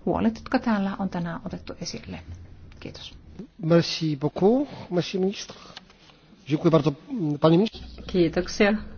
huolet, jotka täällä on tänään otettu esille. Kiitos. Merci beaucoup, monsieur ministre. Dziękuję bardzo, panie ministre. Kiitoksia,